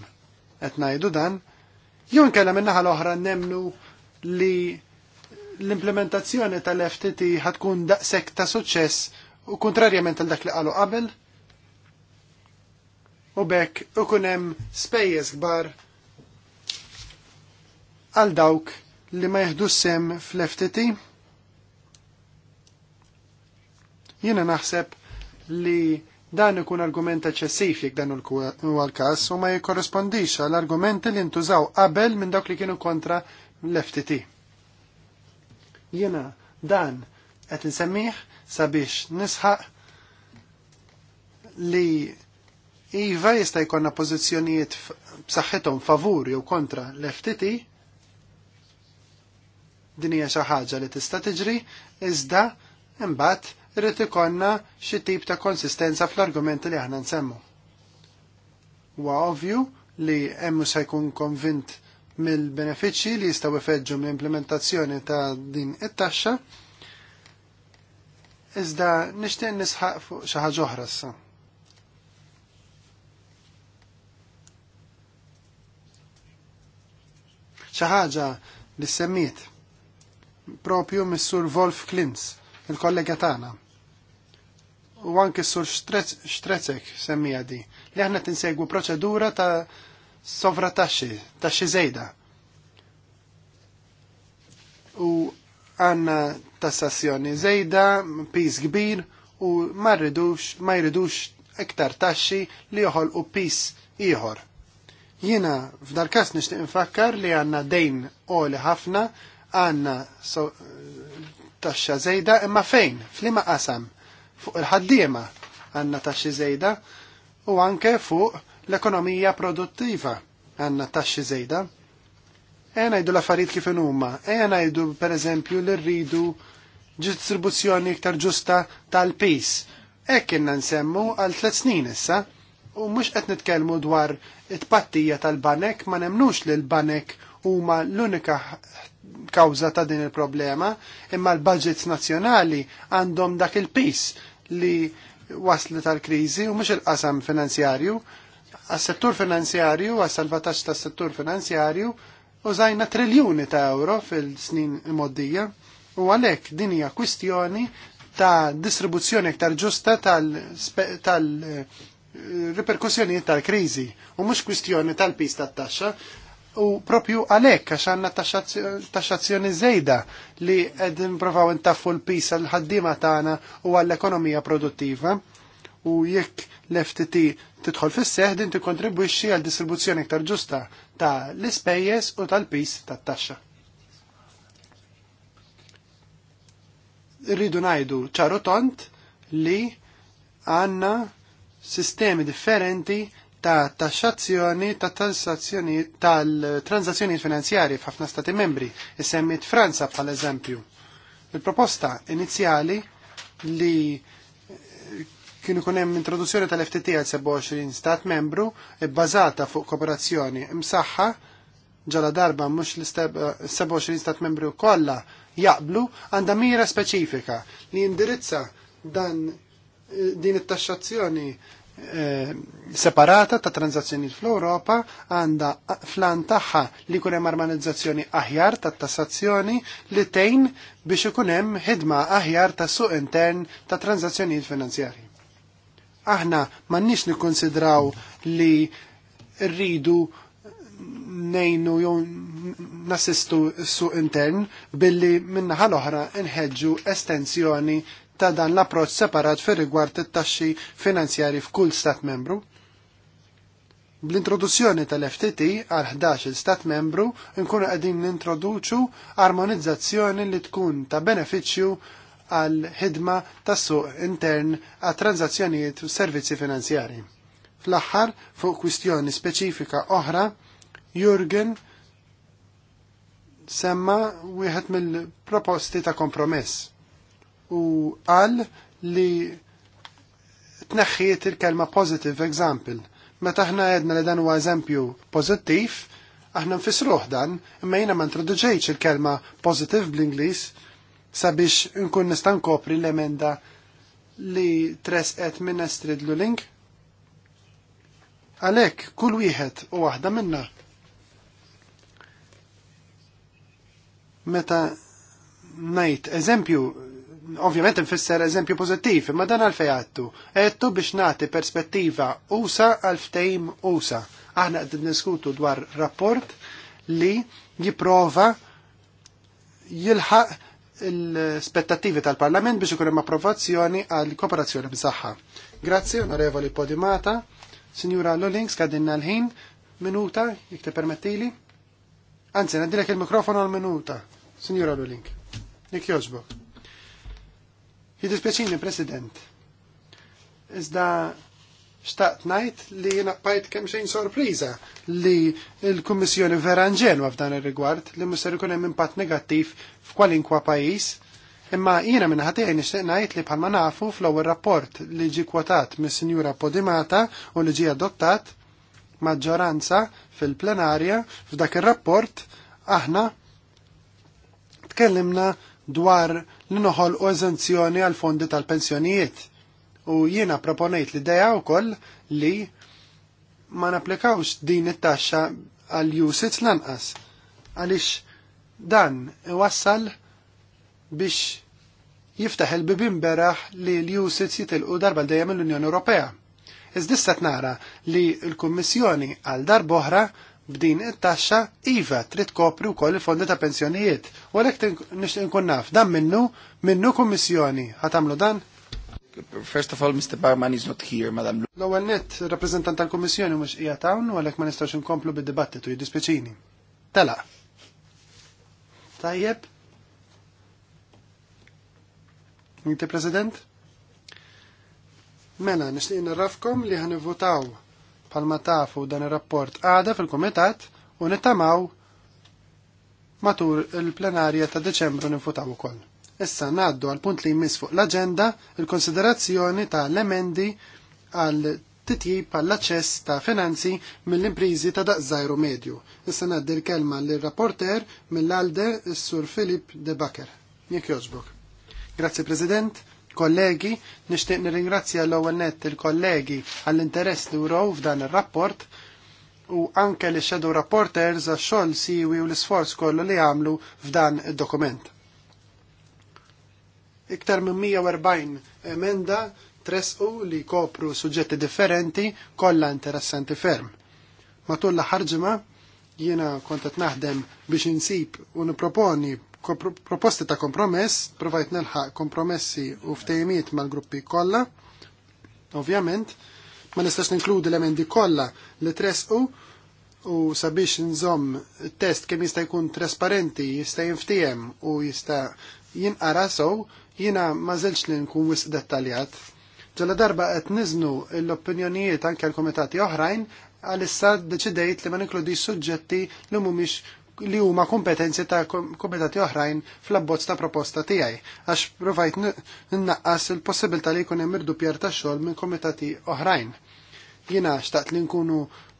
etnajdu dan, jew nkella minnaħal l-oħra nemnu li l-implementazzjoni tal-FTT ħatkun daqsek ta' suċċess u kontrarjament għal dak li qalu qabel, u bekk ikun hemm spejjeż kbar għal dawk li ma jihdu sem fl-FTT. Jiena naħseb li dan ikun argument eċessiv jek dan u għal każ u ma jikorrespondix għal argumenti li ntużaw qabel minn dawk li kienu kontra l-FTT. Jiena dan qed insemmih sabiex nisħaq li Iva jista' jkollna pożizzjonijiet b'saħħithom favur jew kontra l-FTT din hija xi ħaġa li tista' tiġri iżda imbagħad irid ikollna xi tip ta' konsistenza fl-argumenti li aħna nsemmu. Huwa ovvju li hemm se jkun konvint mill-benefiċċji li jistgħu ifeġġu mill-implementazzjoni ta' din it-taxxa iżda nixtieq nisħaq fuq xi ħaġa oħra issa. ċaħġa li semmiet propju mis-sur Wolf Klintz, il-kollega tagħna. U anke s-sur Strezek semmija di li aħna tinsegwu proċedura ta' sovrataxxi, taxxi żejda. U għanna tassazzjoni żejda, pis kbir u ma rridux ma jridux iktar taxxi li joħolqu pis ieħor Jiena f'dal każ nixtieq infakkar li għandna dejn oli ħafna għandna so, taxxa żejda imma fejn? Flima qasam? Fuq il-ħaddiema għandna taxxi żejda u anke fuq l-ekonomija produttiva għandna taxxi zejda. Ejna jdu l-affarijiet kif huma, ejna jdu pereżempju li rridu distribuzzjoni iktar ġusta tal-pis. Ekk inna nsemmu għal tliet snin issa u mhux qed nitkellmu dwar it-pattija tal-banek ma nemnux li l-banek huma l-unika kawża ta' din il-problema, imma l-budgets nazzjonali għandhom dak il-pis li waslet tal-kriżi u mhux il-qasam finanzjarju. Għas-settur finanzjarju, għas-salvataġġ tas-settur finanzjarju, u zajna triljuni ta' euro fil-snin moddija u għalhekk din hija kwistjoni ta' distribuzzjoni aktar ġusta tal-, tal riperkussjonijiet tal-kriżi u mhux kwistjoni tal-pis tat-taxxa u propju għalhekk għax għandna taxxazzjoni żejda li qegħdin nipprovaw intaffu l-pis għall-ħaddiema tagħna u għall-ekonomija produttiva u jekk l-FTT tidħol fis-seħ din tikkontribwixxi għal distribuzzjoni iktar ġusta ta' l-ispejjeż u tal-pis tat-taxxa. Rridu ngħidu ċaru tont li għanna sistemi differenti ta' taxxazzjoni ta' tal-transazzjoni finanzjari f'ħafna stati membri, isemmit Franza bħal eżempju. Il-proposta inizjali li eh, kienu kunem introduzzjoni tal-FTT għal 27 stat membru bbażata e fuq kooperazzjoni msaħħa ġala darba mhux l-27 stat membru kollha jaqblu għandha mira speċifika li indirizza dan din it-taxxazzjoni eh, separata ta' tranzazzjoni fl-Europa għanda flan taħħa li kunem armanizzazzjoni aħjar ta' tassazzjoni li tejn biex ikunem ħidma aħjar ta' suq intern ta' tranzazzjonijiet finanzjari. Aħna mannix nikkonsidraw li rridu nejnu jew nassistu suq intern billi minnaħa l-oħra nħedġu estensjoni ta' dan l-approċ separat fir rigward it-taxxi finanzjari f'kull stat membru. Bl-introduzzjoni tal-FTT għal 11 stat membru nkunu qegħdin nintroduċu armonizzazzjoni li tkun ta' benefiċċju għal ħidma tas suq intern għat tranzazzjonijiet u servizzi finanzjari. Fl-aħħar, fuq kwistjoni speċifika oħra, Jurgen semma wieħed mill-proposti ta' kompromess u qal li tneħħiet il-kelma positive example. Meta aħna għedna li dan huwa eżempju pożittiv, aħna nfisruħ dan, imma jiena ma introduċejx il-kelma positive bl-Ingliż sabiex nkun nista' nkopri l-emenda li tresqet minn l-ulink. Għalhekk kull wieħed u waħda minna. Meta ngħid eżempju ovvjament nfisser eżempju pozittiv, ma dan għalfej għattu. biex nati perspettiva usa għal ftejm usa. Aħna qed niskutu dwar rapport li jipprova jilħaq l-spettativi tal-Parlament biex ikun hemm approvazzjoni għal kooperazzjoni b'saħħa. Grazzi, onorevoli Podimata. Signora Lolling, skadinna l-ħin. Minuta, jek te permettili. Anzi, nadilek il-mikrofonu għal-minuta. Signora Lolling, jek joġbok. Jidispeċini, President. Iżda xtaqt najt li jena bajt kemm xejn sorpriża li l-Kummissjoni vera nġenu f'dan ir-rigward li musser ikun hemm impatt negattiv f'kwalinkwa pajjiż. Imma jiena minn ħatej nixtieq ngħid li bħalma nafu fl-ewwel rapport li ġi kwotat mis-Sinjura Podimata u li ġi adottat maġġoranza fil-plenarja f'dak ir-rapport aħna tkellimna dwar li noħolqu eżenzjoni għal fondi tal-pensjonijiet. U jiena proponejt l u koll li ma naplikawx din it-taxxa għal jusit lanqas għaliex dan iwassal biex jiftaħ il-bibin beraħ li l-usage jitilqu darba dejjem l-Unjoni Ewropea. Iżdissat nara li l-Kummissjoni għal darba oħra b'din it-taxxa iva trid kopri wkoll il-fondi ta' pensjonijiet. U għalhekk nixtieq nkun naf dan minnu minnu kummissjoni ħa tagħmlu dan? First of all, Mr. Barman is not here, Madam Lu. L-ewwel nett, rappreżentant tal-Kummissjoni mhux qiegħ hawn u għalhekk ma nistgħux inkomplu bid-dibattitu jiddispiċini. Tela. Tajjeb. Inti President? Mela, nixtieq nirrafkom li ħanivvutaw Palma tafu dan ir-rapport għada fil-Kumitat u nittamaw matur il-plenarja ta' Deċembru nifutaw ukoll. Issa naddu għal punt li jmiss fuq l-aġenda il-konsiderazzjoni ta' l-emendi għal titjib għall aċċess ta' finanzi mill-imprizi ta' daqżajru medju. Issa ngħaddi l-kelma l-rapporter mill-Alde, s-Sur Filip De Baker. Jek joġbuk. Grazie President kollegi, nixtieq nirringrazzja l-ewwel nett il-kollegi għall-interess li wraw f'dan ir-rapport u anke li shadow rapporters għax-xogħol siwi u l-isforz kollu li għamlu f'dan id-dokument. Iktar minn 140 emenda tresqu li kopru suġġetti differenti kollha interessanti ferm. Matul l-ħarġima jiena kontet naħdem biex insib u niproponi proposti ta' kompromess, provajt nelħaq kompromessi u ftejmiet mal-gruppi kollha. Ovvjament, ma nistax ninkludi l-emendi kollha li tresqu u sabiex nżomm test kemm jista' jkun trasparenti, jista' jinftijem u jista' jinqara sow, jiena ma żelx li nkun wisq dettaljat. Ġala darba qed niżnu l-opinjonijiet anke għal komitati oħrajn għalissa deċidejt li ma ninkludi suġġetti li mhumiex li huma kompetenzi ta' komitati oħrajn fl-abbozz ta' proposta tiegħi għax provajt n-naqqas il-possibilità li jkun hemm irdupjar ta' xogħol minn komitati oħrajn. Jiena xtaqt li nkunu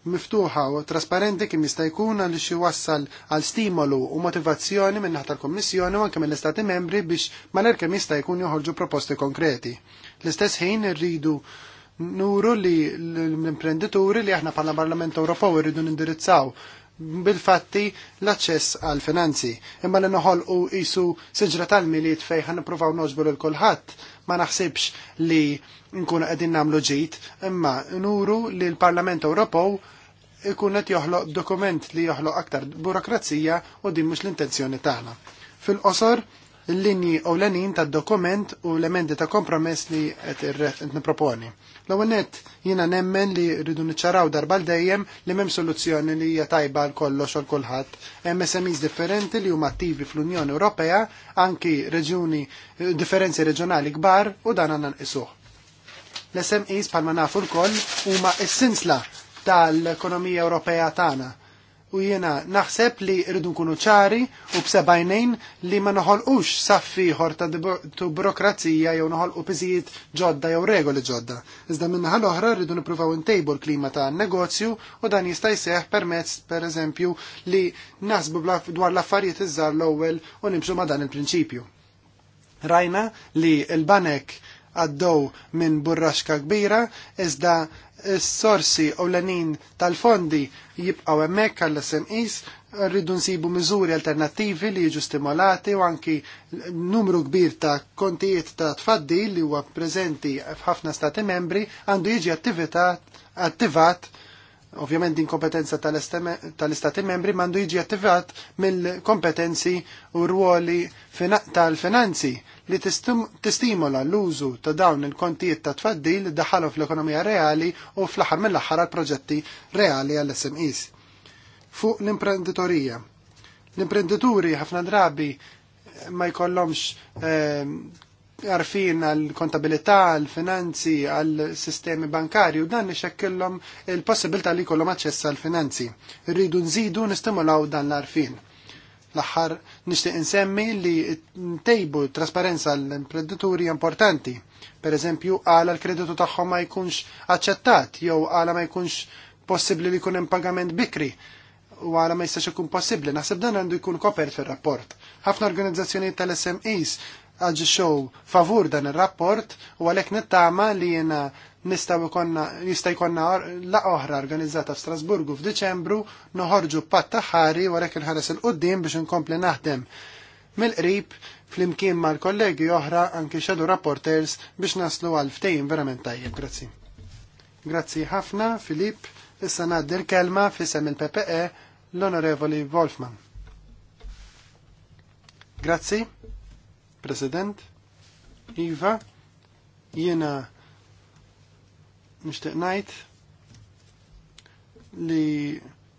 miftuħa u trasparenti kim jista' jkun għal xi wassal għal stimolu u motivazzjoni minn naħta l-Kommissjoni u anke mill-Istati membri biex maler kemm jista' jkun joħorġu proposti konkreti. L-istess ħin irridu nuru li l-imprenditori li aħna bħala Parlament Ewropew irridu nindirizzaw bil-fatti l-aċċess għal finanzi. Imma li u isu siġra tal-miliet fej ħan nipruvaw noġbru l kulħadd ma naħsibx li nkunu qegħdin nagħmlu ġid, imma nuru li l-Parlament Ewropew ikun qed joħloq dokument li joħloq aktar burokrazija u din mhux l-intenzjoni tagħna. Fil-qosor, l-linji u l-enin tad dokument u l-emendi ta' kompromess li qed niproponi. L-ewwel nett jiena nemmen li rridu niċċaraw darba l dejjem li mem soluzzjoni li hija tajba l kollox għal kulħadd. Hemm SMEs differenti li huma attivi fl-Unjoni Ewropea, anki reġuni eh, differenzi reġjonali kbar u dan għandna nqisuh. L-SMEs bħalma nafu l-koll huma s-sinsla tal-ekonomija Ewropea tagħna u jiena naħseb li rridu nkunu ċari u bsebajnejn li ma noħolqux saffi ta' burokrazija jew noħolqu piżijiet ġodda jew regoli ġodda. Iżda minnaħa l-oħra rridu nippruvaw intejbu l-klima ta' negozju u dan jista' jseħ permezz pereżempju li naħsbu dwar l-affarijiet iżżar l-ewwel u nimxu ma' dan il-prinċipju. Rajna li l-banek għaddew minn burraxka kbira iżda s-sorsi u l-anin tal-fondi jibqaw emmek għall-SMEs, rridu nsibu miżuri alternativi li jiġu stimolati u anki numru kbir ta' kontijiet ta' tfaddi li huwa preżenti f'ħafna stati membri għandu jiġi attivat Ovvjament din kompetenza tal-istati membri mandu jiġi attivat mill-kompetenzi u ruoli tal-finanzi li tistimola l-użu ta' dawn il-kontijiet ta' tfaddil daħalu fl-ekonomija reali u fl-aħħar mill-aħħar għal proġetti reali għall-SMEs. Fuq l-imprenditorija. L-imprenditori ħafna drabi ma jkollomx ehm, għarfin għal kontabilità, għal finanzi, għal sistemi bankari u dan ixekkillhom il-possibilità li kollom aċċess għal finanzi. Rridu nżidu nistimulaw dan l għarfin L-aħħar nixtieq insemmi li ntejbu trasparenza l-imprenditori importanti. Per eżempju, għala l-kreditu tagħhom ma jkunx aċċettat jew għala ma jkunx possibbli li jkun hemm pagament bikri u għala ma jistax ikun possibbli. Naħseb dan għandu jkun kopert fir-rapport. Ħafna organizzazzjonijiet tal-SMEs għalġiċċow favur dan il-rapport u għalek nittama li jena nistaw ikonna, jistaj jkonna la oħra organizzata f'Strasburgu f'Diċembru noħorġu patta ħari u għalek nħares il-qoddim biex nkompli naħdem mill-qrib fl-imkien mal-kollegi oħra anki xedu rapporters biex naslu għal ftejn verament tajjeb. Grazzi. Grazzi ħafna, Filip, issa naddi l-kelma fissem il-PPE l-Onorevoli Wolfman. Grazzi. President, Iva, jiena nishtiq ngħid li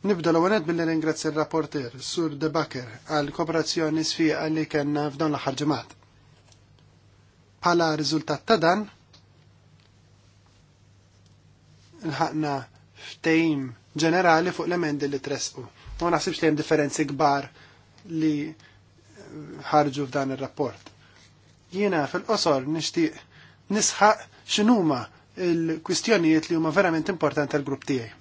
nibda l-għonet billi ringrazzi il-rapporter, Sur De Baker, għal kooperazzjoni sfiqa li kena f'dan l-aħħar ġimgħat. Pala riżultat ta' dan, Ilħaqna ftejm ġenerali fuq l-emendi li tresqu. Ma naħsibx li hemm differenzi kbar li ħarġu f'dan ir-rapport. Jiena fil-qosor nixtieq nisħaq x'inhuma il-kwistjonijiet li huma verament importanti għal grupp tiegħi.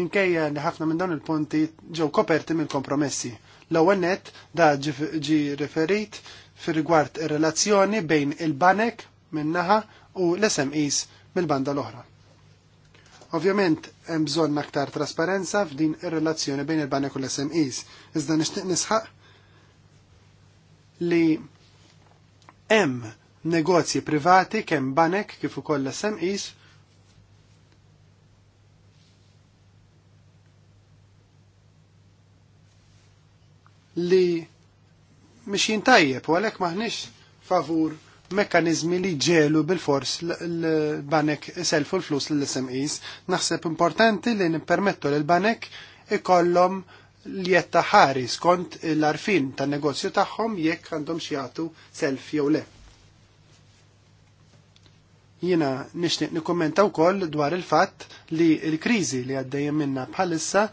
Minkejja li ħafna minn dawn il-punti ġew koperti mill-kompromessi. L-ewwel nett da ġi referit fir rigward ir-relazzjoni bejn il-banek min-naħa u l-SMEs mill-banda l-oħra. Ovvjament, hemm bżonn aktar trasparenza f'din ir-relazzjoni bejn il-banek u l-SMEs. Iżda nixtieq nisħaq li hemm negozji privati kemm banek kif ukoll l-SMEs li mhix tajjeb u għalhekk maħniex favur mekkanizmi li ġelu bil-fors l-banek selfu l-flus l-SMEs. Naħseb importanti li nippermettu l-banek ikollhom li jettaħari skont l-arfin tan negozju tagħhom jekk għandhom xjatu self jew le. Jiena nixtieq nikkummenta wkoll dwar il-fatt li l-kriżi li għaddejjem minna bħalissa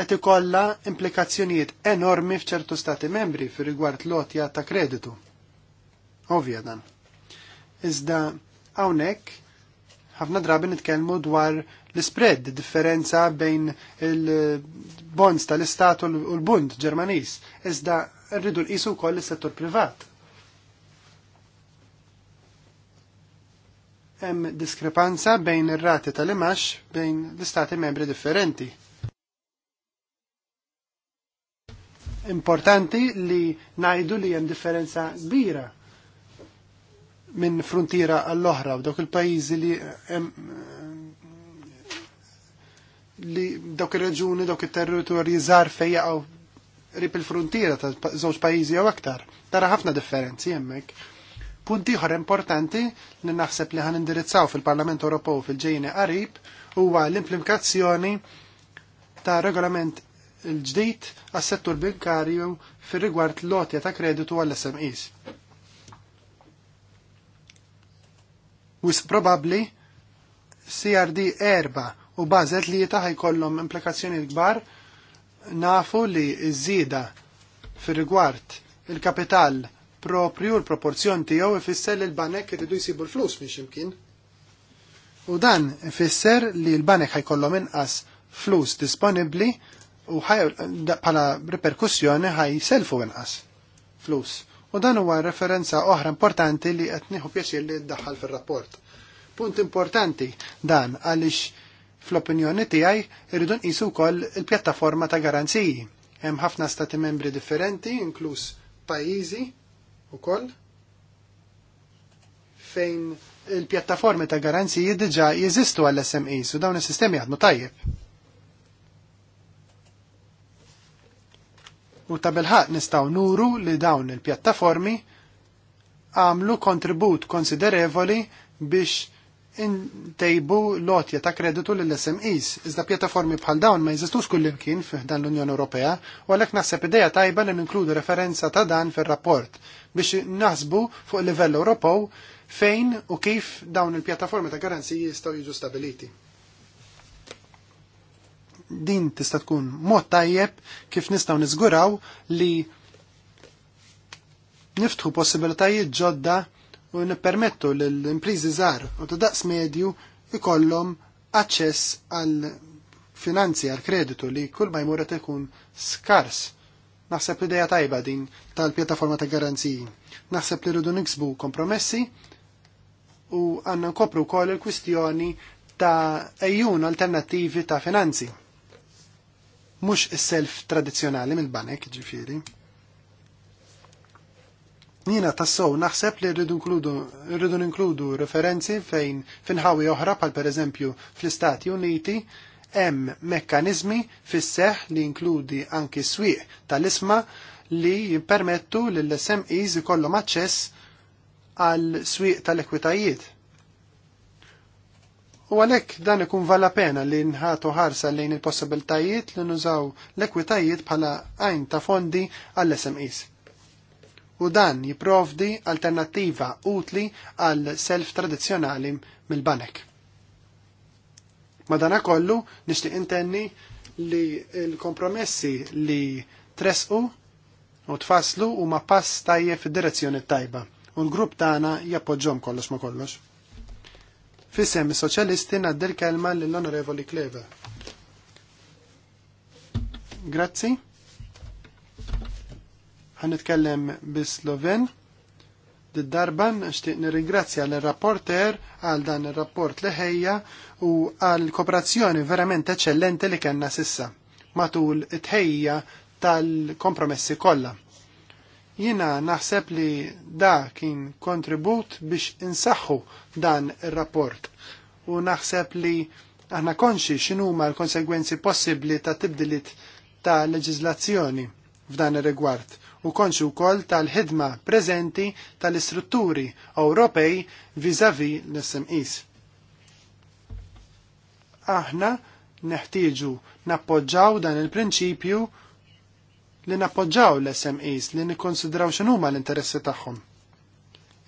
qed ikollha implikazzjonijiet enormi f'ċertu stati membri fir rigward lotja ta' kreditu. Ovvja dan. Iżda hawnhekk ħafna drabi nitkellmu dwar l-spread, differenza bejn il-bonds tal-istat u l-bund ġermanis. Iżda rridu l-qisu koll settur privat. Hemm diskrepanza bejn ir-rati tal-imax bejn l-istati membri differenti. Importanti li najdu li hemm differenza kbira minn frontiera għall-oħra u dawk il-pajjiżi li li dawk ir-reġuni, dawk it-territorji żgħar fejn jaqgħu rib il-frontiera ta' żewġ pajjiżi jew aktar. Tara ħafna differenzi hemmhekk. Punt ieħor importanti li naħseb li ħan indirizzaw fil-Parlament Ewropew fil-ġejjeni qarib huwa l-implikazzjoni ta' regolament il-ġdid għas-settur bankarju fir-rigward lotja ta' kreditu għall-SMEs. Wis probabli CRD erba' u bażet li jitaħ jkollhom implikazzjoni kbar nafu li ż-żieda fir-rigward il-kapital propju l-proporzjon tiegħu ifisser li l-banek iridu jsibu l-flus minn ximkien. U dan ifisser li l-banek ħajkollhom inqas flus disponibbli u bħala reperkussjoni ħaj selfu inqas flus u dan huwa referenza oħra importanti li qed nieħu pjaċir li ddaħħal fir-rapport. Punt importanti dan għaliex fl-opinjoni tiegħi irridu nqisu wkoll il-pjattaforma ta' garanziji. Hemm ħafna stati membri differenti, inkluż pajjiżi ukoll fejn il-pjattaformi ta' garanziji diġà jeżistu għall-SMEs u dawn is-sistemi jaħdmu tajjeb u tabelħat nistaw nuru li dawn il-pjattaformi għamlu kontribut konsiderevoli biex intejbu lotja ta' kreditu l-SMEs. Iżda pjattaformi bħal dawn ma jizistux kullimkien fih dan l-Unjoni Ewropea, u għalek naħseb ideja tajba li ninkludu referenza ta' dan fil-rapport biex naħsbu fuq il livell Ewropew fejn u kif dawn il-pjattaformi ta' garanzi jistgħu jiġu stabiliti din tista' tkun mod tajjeb kif nistgħu niżguraw li niftħu possibilitajiet ġodda u nippermettu l-imprizi żgħar u ta' daqs medju ikollhom aċċess għal finanzi għal kreditu li kull ma jmur ikun skars. Naħseb li dejja tajba din tal-pjattaforma ta' garanziji. Naħseb li rridu niksbu kompromessi u għanna nkopru kol il-kwistjoni ta' ejjun alternativi ta' finanzi mhux is-self tradizzjonali mill-banek ġifiri. Jiena tassow naħseb li rridu ninkludu referenzi fejn finħawi oħra pal pereżempju fl-Istati Uniti hemm mekkaniżmi fis-seħ li inkludi anki swieq tal-isma li jippermettu lill-SMEs ikollhom aċċess għal swieq tal-ekwitajiet U għalhekk dan ikun vala pena li nħatu ħarsa lejn il-possibiltajiet li nużaw l-ekwitajiet bħala għajn ta' fondi għall-SMEs. U dan jiprovdi alternattiva utli għal self tradizzjonali mill-banek. Madana kollu nixtieq intenni li l-kompromessi li tresqu u tfaslu u ma pass tajje fid-direzzjoni tajba. U l-grupp tagħna jappoġġhom kollox ma kollox. Fissem soċjalisti ngħaddi kelma lill-Onorevoli Kleva. Grazzi. Ħanitkellem bis-Sloven. did darban nixtieq nirringrazzja l rapporter għal dan ir-rapport li ħejja u għal kooperazzjoni verament eċċellenti li kellna sissa matul it-ħejja tal-kompromessi kollha Jiena naħseb li da kien kontribut biex insaħħu dan ir-rapport u naħseb li aħna konxi x'inhuma l-konsegwenzi possibbli ta' tibdilit ta' leġiżlazzjoni f'dan ir-rigward u konxu wkoll tal-ħidma preżenti tal-istrutturi Ewropej viżavi l-SMEs. Aħna neħtieġu nappoġġaw dan il-prinċipju li nappoġġaw l-SMEs li nikkonsidraw x'inhuma l-interessi tagħhom.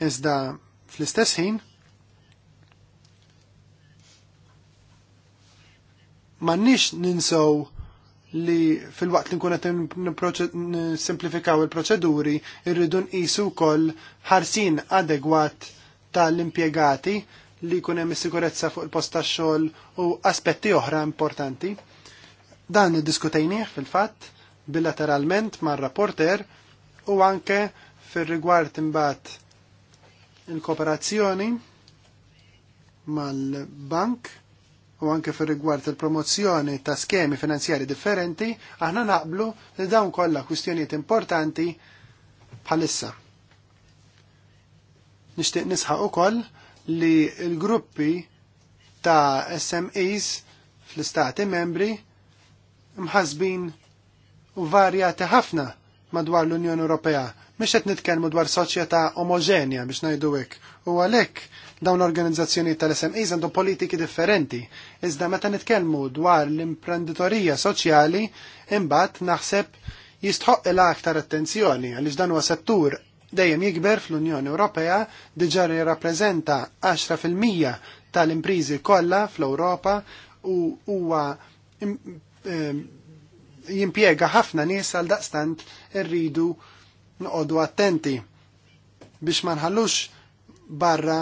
Iżda fl-istess ħin m'għandniex ninsow li fil-waqt li nkun qed nisimplifikaw il-proċeduri irridu nqisu wkoll ħarsin adegwat tal-impjegati li jkun hemm is-sikurezza fuq il-post tax-xogħol u aspetti oħra importanti. Dan niddiskutejnieh fil-fatt bilateralment mar rapporter u anke fir rigward imbagħad il-kooperazzjoni mal-bank u anke fir rigward il-promozzjoni ta' skemi finanzjari differenti, aħna naqblu li dawn kollha kwistjonijiet importanti bħalissa. Nixtieq nisħaq ukoll li l-gruppi ta' SMEs fl-istati membri mħasbin u varjati ħafna madwar l-Unjoni Ewropea. Mhux qed nitkellmu dwar soċjetà omogenja biex ngħidu hekk. U għalhekk dawn l-organizzazzjoni tal-SMEs għandu politiki differenti. Iżda meta nitkellmu dwar l-imprenditorija soċjali, imbagħad naħseb jistħoq ilha aktar attenzjoni għaliex dan huwa settur dejjem jikber fl-Unjoni Ewropea diġà jirrappreżenta 10% fil-mija tal-imprizi kollha fl-Ewropa u huwa jimpiega ħafna nies għal daqstant irridu noqogħdu attenti biex ma nħallux barra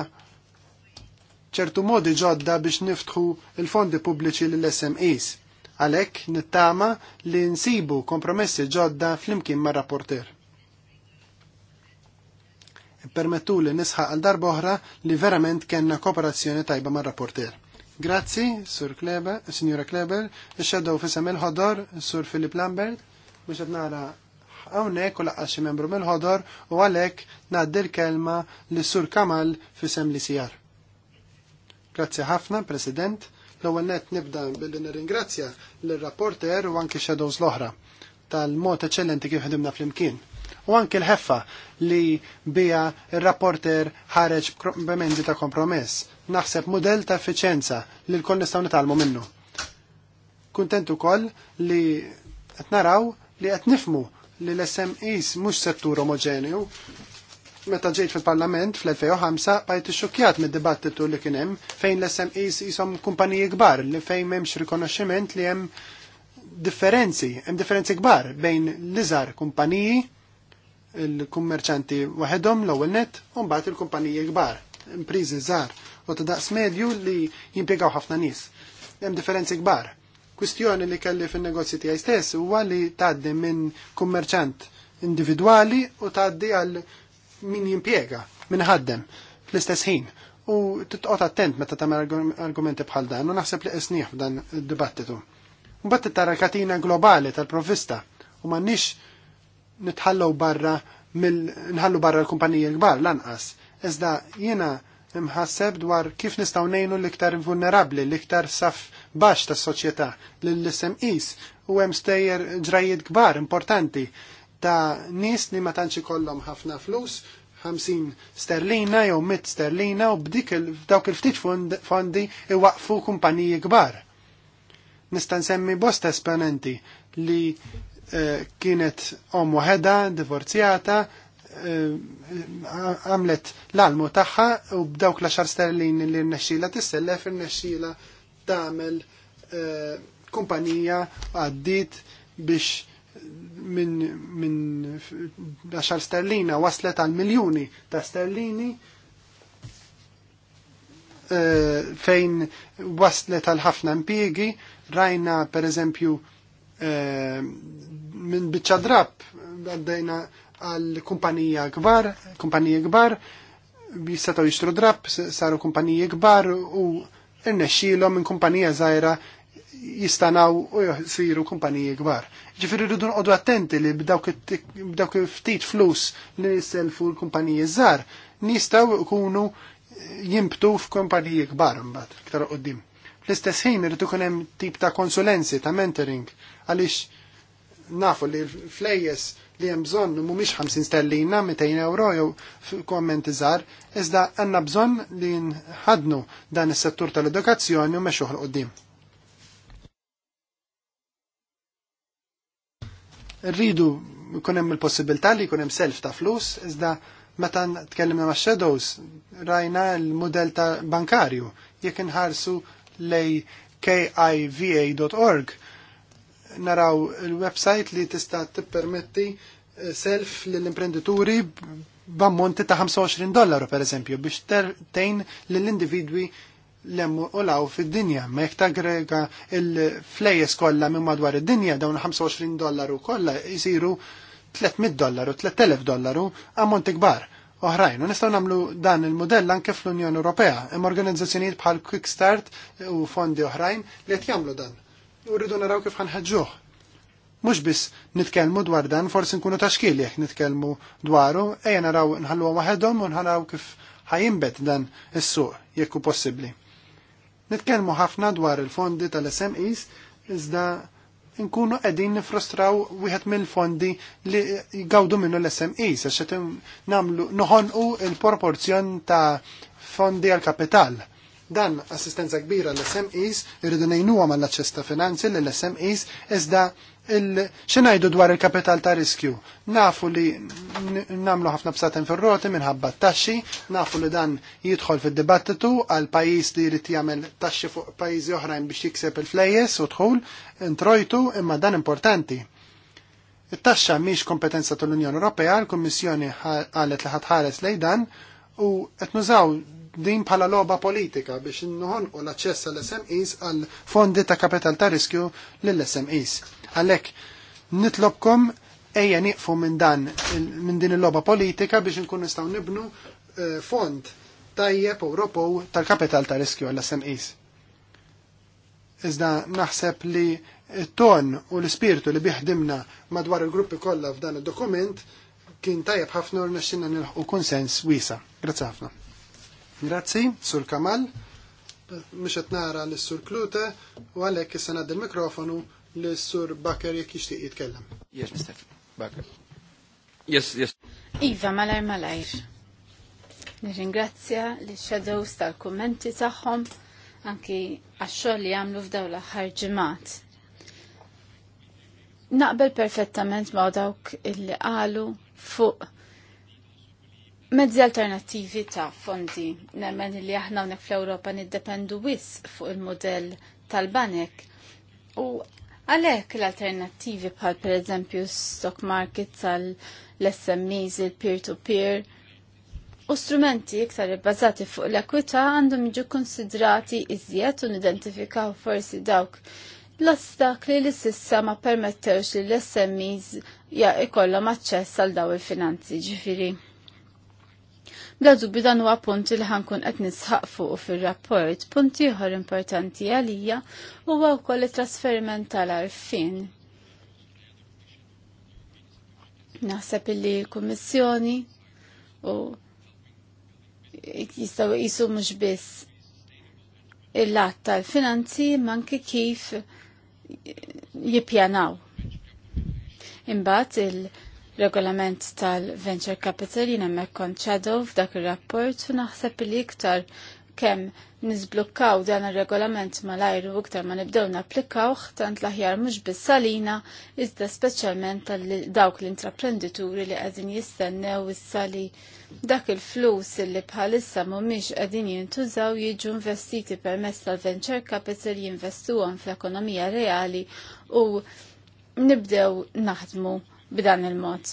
ċertu modi ġodda biex niftħu il-fondi pubbliċi lill-SMEs. Għalhekk nittama li nsibu kompromessi ġodda flimkien mar rapporter. Permettu li nisħaq għal darboħra li verament kellna kooperazzjoni tajba mar rapporter. Grazzi, Sur Kleber, Signora Kleber, xeddaw fissam il-ħodor, Sur Filip Lambert, biex nara għawnek u laqqa xi membru mill-ħodor u għalek ngħaddi l-kelma li Sur Kamal f'isem li sijar. Grazzi ħafna, President. L-ewwel nett nibda billi nirringrazzja l-rapporter u anki shadows l-oħra tal-mod eċċellenti kif ħdimna fl-imkien. U anki l-ħeffa li bija il-rapporter ħareġ b'emendi ta' kompromess naħseb model ta' effiċenza li l-koll nistaw nitalmu minnu. Kuntent ukoll li qed naraw li qed nifmu li l-SMEs mhux settur omogenju. Meta ġejt fil-Parlament fl-2005 bajt ixxukkjat mid-dibattitu li kien hemm fejn l-SMEs ishom kumpaniji kbar li fejn m'hemmx rikonoxximent li hemm differenzi, hemm differenzi kbar bejn l-iżgħar kumpaniji il-kummerċanti waħedhom l-ewwel net u mbagħad il-kumpaniji kbar, impriżi żgħar u ta' daqs medju li jimpiegaw ħafna nies. Hemm differenzi kbar. Kwistjoni li kelli fin-negozji tiegħi stess huwa li tgħaddi minn kummerċant individwali u tgħaddi għal min jimpjega, min ħaddem fl-istess ħin. U titqod attent meta tagħmel argumenti bħal dan u naħseb li qisnieh f'dan id-dibattitu. Mbagħad tara katina globali tal-provvista u m'għandniex nitħallu barra mill nħallu barra l-kumpanija l-kbar lanqas. Iżda jiena imħasseb dwar kif nistaw nejnu l-iktar vulnerabli, l-iktar saf bax tas soċjetà l-SMEs u hemm stejjer ġrajiet kbar importanti ta' nies li ma tantx ikollhom ħafna flus, 50 sterlina jew 100 sterlina u b'dik dawk il-ftit fondi iwaqfu kumpaniji kbar. Nista' nsemmi bosta esponenti li eh, kienet om waħedha, divorzjata, għamlet l-almu tagħha u b'dawk l-10 sterlin li rnexxila tissellef nexxila tagħmel eh, kumpanija għaddit biex minn min 10 sterlina waslet għal miljuni ta' sterlini eh, fejn waslet għal ħafna impiegi, rajna per eżempju eh, minn bicċa drab għaddejna għal kumpanija kbar, kumpanija kbar, jistataw jixtru drab, saru kumpanija kbar u irnexxilhom minn kumpanija żgħira jistanaw u jisiru kumpaniji kbar. Ġifiri rridu nqodu attenti li b'dawk ftit flus li jisselfu l-kumpaniji żgħar nistgħu jkunu jimbtu f'kumpaniji kbar mbagħad iktar qoddim. Fl-istess ħin irid ikun hemm tip ta' konsulenzi, ta' mentoring għaliex nafu li l-flejjes li hemm bżonn mhumiex 50 stellina 200 euro jew komment iżgħar, iżda għandna bżonn li nħadnu dan is-settur tal-edukazzjoni u mexuħ qudiem. Rridu jkun hemm il-possibilità li jkun hemm self ta' flus, iżda meta tkellimna ma' shadows rajna l-mudell ta' bankarju jekk inħarsu lej kiva.org naraw il-website li tista' tippermetti eh, self lill-imprenditori b'ammonti ta' 25 dollaru per eżempju biex tertejn lill-individwi lemmu u law fid-dinja. Ma jek tagrega il-flejes kollha minn madwar id-dinja dawn 25 dollaru kollha jisiru 300 dollaru, 3000 dollaru ammonti kbar oħrajn. U nistgħu nagħmlu dan il-modell anke fl-Unjoni Ewropea, hemm organizzazzjonijiet bħal Quick Start u fondi oħrajn li qed jagħmlu dan u rridu naraw kif ħanħadġuh. Mux biss nitkelmu dwar dan, forsi nkunu taxkilieħ nitkelmu dwaru, eja naraw nħallu waħedhom u nħaraw kif ħajimbet dan is-suq jekku possibli. Nitkelmu ħafna dwar il-fondi tal-SMEs, iżda nkunu qegħdin nifrustraw wieħed mill-fondi li jgawdu minnu l-SMEs, għax namlu nagħmlu noħonqu il-proporzjon ta' fondi għal kapital Dan assistenza kbira l-SMEs, irridu nejnu għam aċċess ta' finanzi l-SMEs, iżda xinajdu dwar il-kapital ta' riskju. Nafu li namlu ħafna bsaten fil-roti minħabba taxxi, nafu li dan jidħol fil-dibattitu għal pajis li jrid jagħmel taxxi fuq pajjiżi oħrajn biex jikseb il-flejjes u dħul, introjtu imma dan importanti. Il-taxxa miex kompetenza tal-Unjoni Ewropea, l-Kummissjoni qalet li ħatħares lejn dan u qed nużaw din bħala loba politika biex nħonqu l-aċċess għall-SMEs għal fondi ta' kapital ta' riskju lill-SMEs. Għalhekk nitlobkom ejja niqfu minn dan minn din il-loba politika biex nkun nistgħu nibnu eh, fond tajjeb Ewropew tal-kapital ta' riskju għall-SMEs. Iżda naħseb li t-ton u l spirtu li biħdimna madwar il-gruppi kollha f'dan id-dokument kien tajjeb ħafna u rnexxinna nilħu konsens wisa. Grazzi ħafna. Grazzi, Sur Kamal. Mhux qed nara lis sur Klute u għalhekk issa ngħaddi l-mikrofonu lis sur Baker jekk jixtieq jitkellem. Yes, Mr. Baker. Yes, yes. Iva, malajr malajr. Nirringrazzja li shadows tal-kummenti tagħhom anki għax-xogħol li għamlu f'dawn l-aħħar ġimgħat. Naqbel perfettament ma' dawk illi qalu fuq Mezzi alternattivi ta' fondi, nemmen li aħna unek fl-Europa niddependu wis fuq il-modell tal-banek. U għalek l-alternattivi bħal per eżempju stock market tal-SMEs, il-peer-to-peer, u strumenti iktar bbażati fuq l-ekwita għandhom jiġu konsidrati iżjed u nidentifikaw forsi dawk l-ostakli li sissa ma permettewx li l-SMEs ja ikollhom aċċess għal daw il-finanzi ġifiri. Bla bidan dan huwa punt li ħankun qed nisħaq fuq fir-rapport. punti ieħor importanti għalija huwa wkoll it-trasferiment tal-arfin. Naħseb li l-Kummissjoni u jistaw jisu mux biss il-lat tal-finanzi manki kif jipjanaw. Imbat il- regolament tal-venture capital jina mekkon ċadow f'dak il-rapport u naħseb li iktar kem nizblukkaw dan il-regolament mal-ajru u iktar ma nibdew naplikaw tant l-aħjar mhux bis-salina iżda speċjalment dawk l-intraprendituri li qegħdin jistennew is-sali dak il-flus li bħalissa mhumiex qegħdin jintużaw jiġu investiti permezz tal-venture capital jinvestuhom fl-ekonomija reali u nibdew naħdmu b'dan il-mod.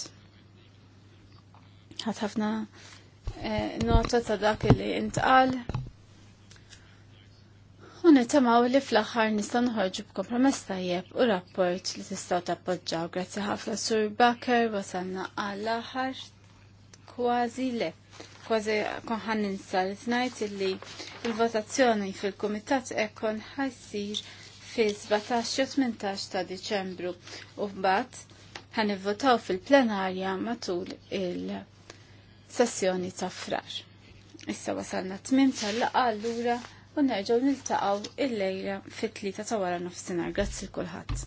Ħadd ħafna eh, nota ta' dak li intqal. U nitamaw li fl-aħħar nista' nħorġu b'kompromess tajjeb u rapport li tistgħu tappoġġaw. Grazzi ħafna Sur Baker wasalna għall-aħħar kważi le. Kważi konħan ninsa li tnajt li il-votazzjoni fil-Kumitat Ekon ħajsir fil-17 u 18 ta' Diċembru u mbagħad ħan fil-plenarja matul il-sessjoni ta' frar. Issa wasalna tmim tal-laqa allura u nerġgħu niltaqgħu il lejra fit-tlieta ta' wara nofsinhar. Grazzi kulħadd.